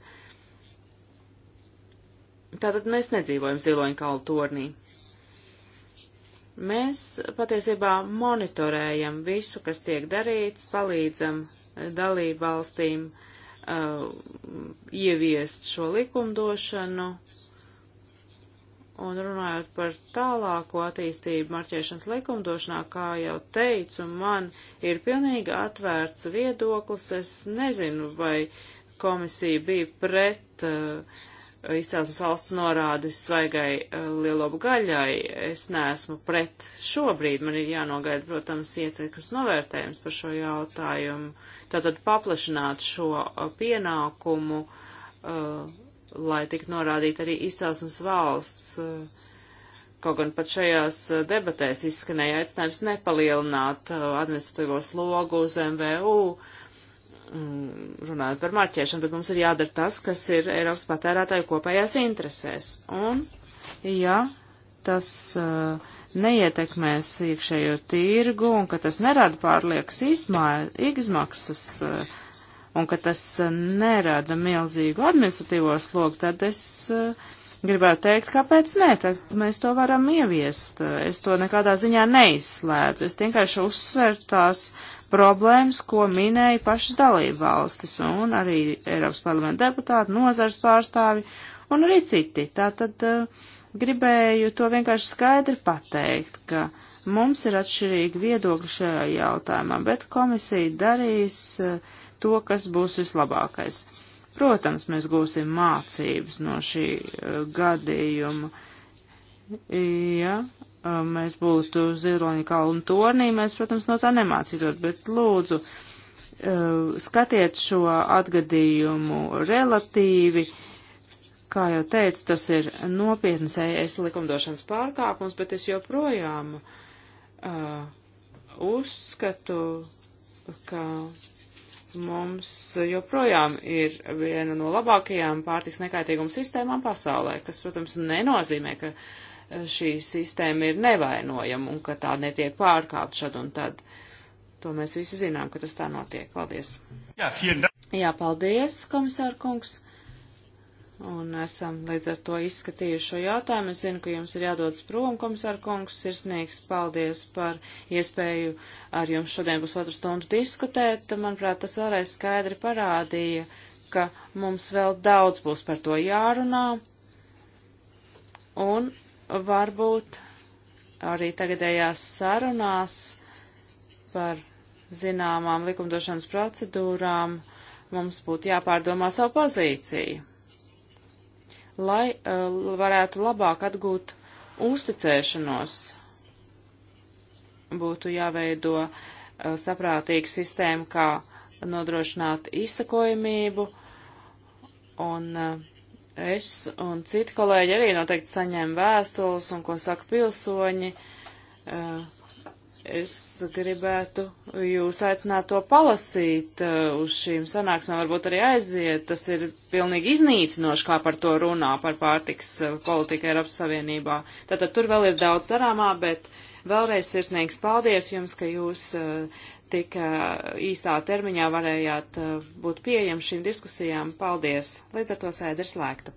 Tātad mēs nedzīvojam ziloņkalu tornī. Mēs patiesībā monitorējam visu, kas tiek darīts, palīdzam dalību valstīm uh, ieviest šo likumdošanu, uh, Un runājot par tālāko attīstību marķēšanas likumdošanā, kā jau teicu, man ir pilnīgi atvērts viedoklis. Es nezinu, vai komisija bija pret uh, izcelsmes valsts norādi svaigai uh, lielopu gaļai. Es neesmu pret šobrīd. Man ir jānogaida, protams, ietekmes novērtējums par šo jautājumu. Tātad paplašināt šo uh, pienākumu. Uh, lai tik norādīta arī izcelsmes valsts. Eh, kaut gan pat šajās eh, debatēs izskanēja aicinājums nepalielināt eh, administratīvo slogu uz MVU, mm, runājot par marķēšanu, bet mums ir jādara tas, kas ir Eiropas patērētāju kopējās interesēs. Un, ja tas uh, neietekmēs iekšējo tirgu un ka tas nerada pārliekas izmaksas, uh, un ka tas eh, nerada milzīgu administratīvo slogu, tad es eh, gribētu teikt, kāpēc nē, tad mēs to varam ieviest. Es to nekādā ziņā neizslēdzu. Es vienkārši uzsveru tās problēmas, ko minēja pašas dalība valstis un arī Eiropas parlamenta deputāti, nozars pārstāvi un arī citi. Tātad eh, gribēju to vienkārši skaidri pateikt, ka mums ir atšķirīgi viedokļi šajā jautājumā, bet komisija darīs uh, to, kas būs vislabākais. Protams, mēs gūsim mācības no šī uh, gadījuma. Ja eh, mēs būtu Ziloņa kalnu tornī, mēs, protams, no tā nemācītos, bet lūdzu, uh, skatiet šo atgadījumu relatīvi. Kā jau teicu, tas ir nopietnas ES likumdošanas pārkāpums, bet es joprojām uh, uzskatu, ka Mums joprojām ir viena no labākajām pārtiks nekaitīguma sistēmām pasaulē, kas, protams, nenozīmē, ka eh, šī sistēma ir nevainojama un ka tā netiek pārkāpt šad un tad. To mēs visi zinām, ka tas tā notiek. Paldies. Jā, Jā paldies, komisāra kungs un esam līdz ar to izskatījuši šo jautājumu. Es zinu, ka jums ir jādodas prom, komisāra kungs, sirsnīgs paldies par iespēju ar jums šodien pusotru stundu diskutēt. Manuprāt, tas vēlreiz skaidri parādīja, ka mums vēl daudz būs par to jārunā, un varbūt arī tagadējās sarunās par zināmām likumdošanas procedūrām mums būtu jāpārdomā savu pozīciju lai uh, varētu labāk atgūt uzticēšanos. Būtu jāveido uh, saprātīga sistēma, kā nodrošināt izsakojamību, un uh, es un citi kolēģi arī noteikti saņem vēstules, un ko saka pilsoņi, uh, Es gribētu jūs aicināt to palasīt uh, uz šīm sanāksmēm, varbūt arī aiziet. Tas ir pilnīgi iznīcinoši, kā par to runā, par pārtiks uh, politiku Eiropas Savienībā. Tātad tur vēl ir daudz darāmā, bet vēlreiz sirsnīgs paldies jums, ka jūs uh, tik īstā termiņā varējāt būt pieejami šīm diskusijām. Paldies! Līdz ar to sēde ir slēgta.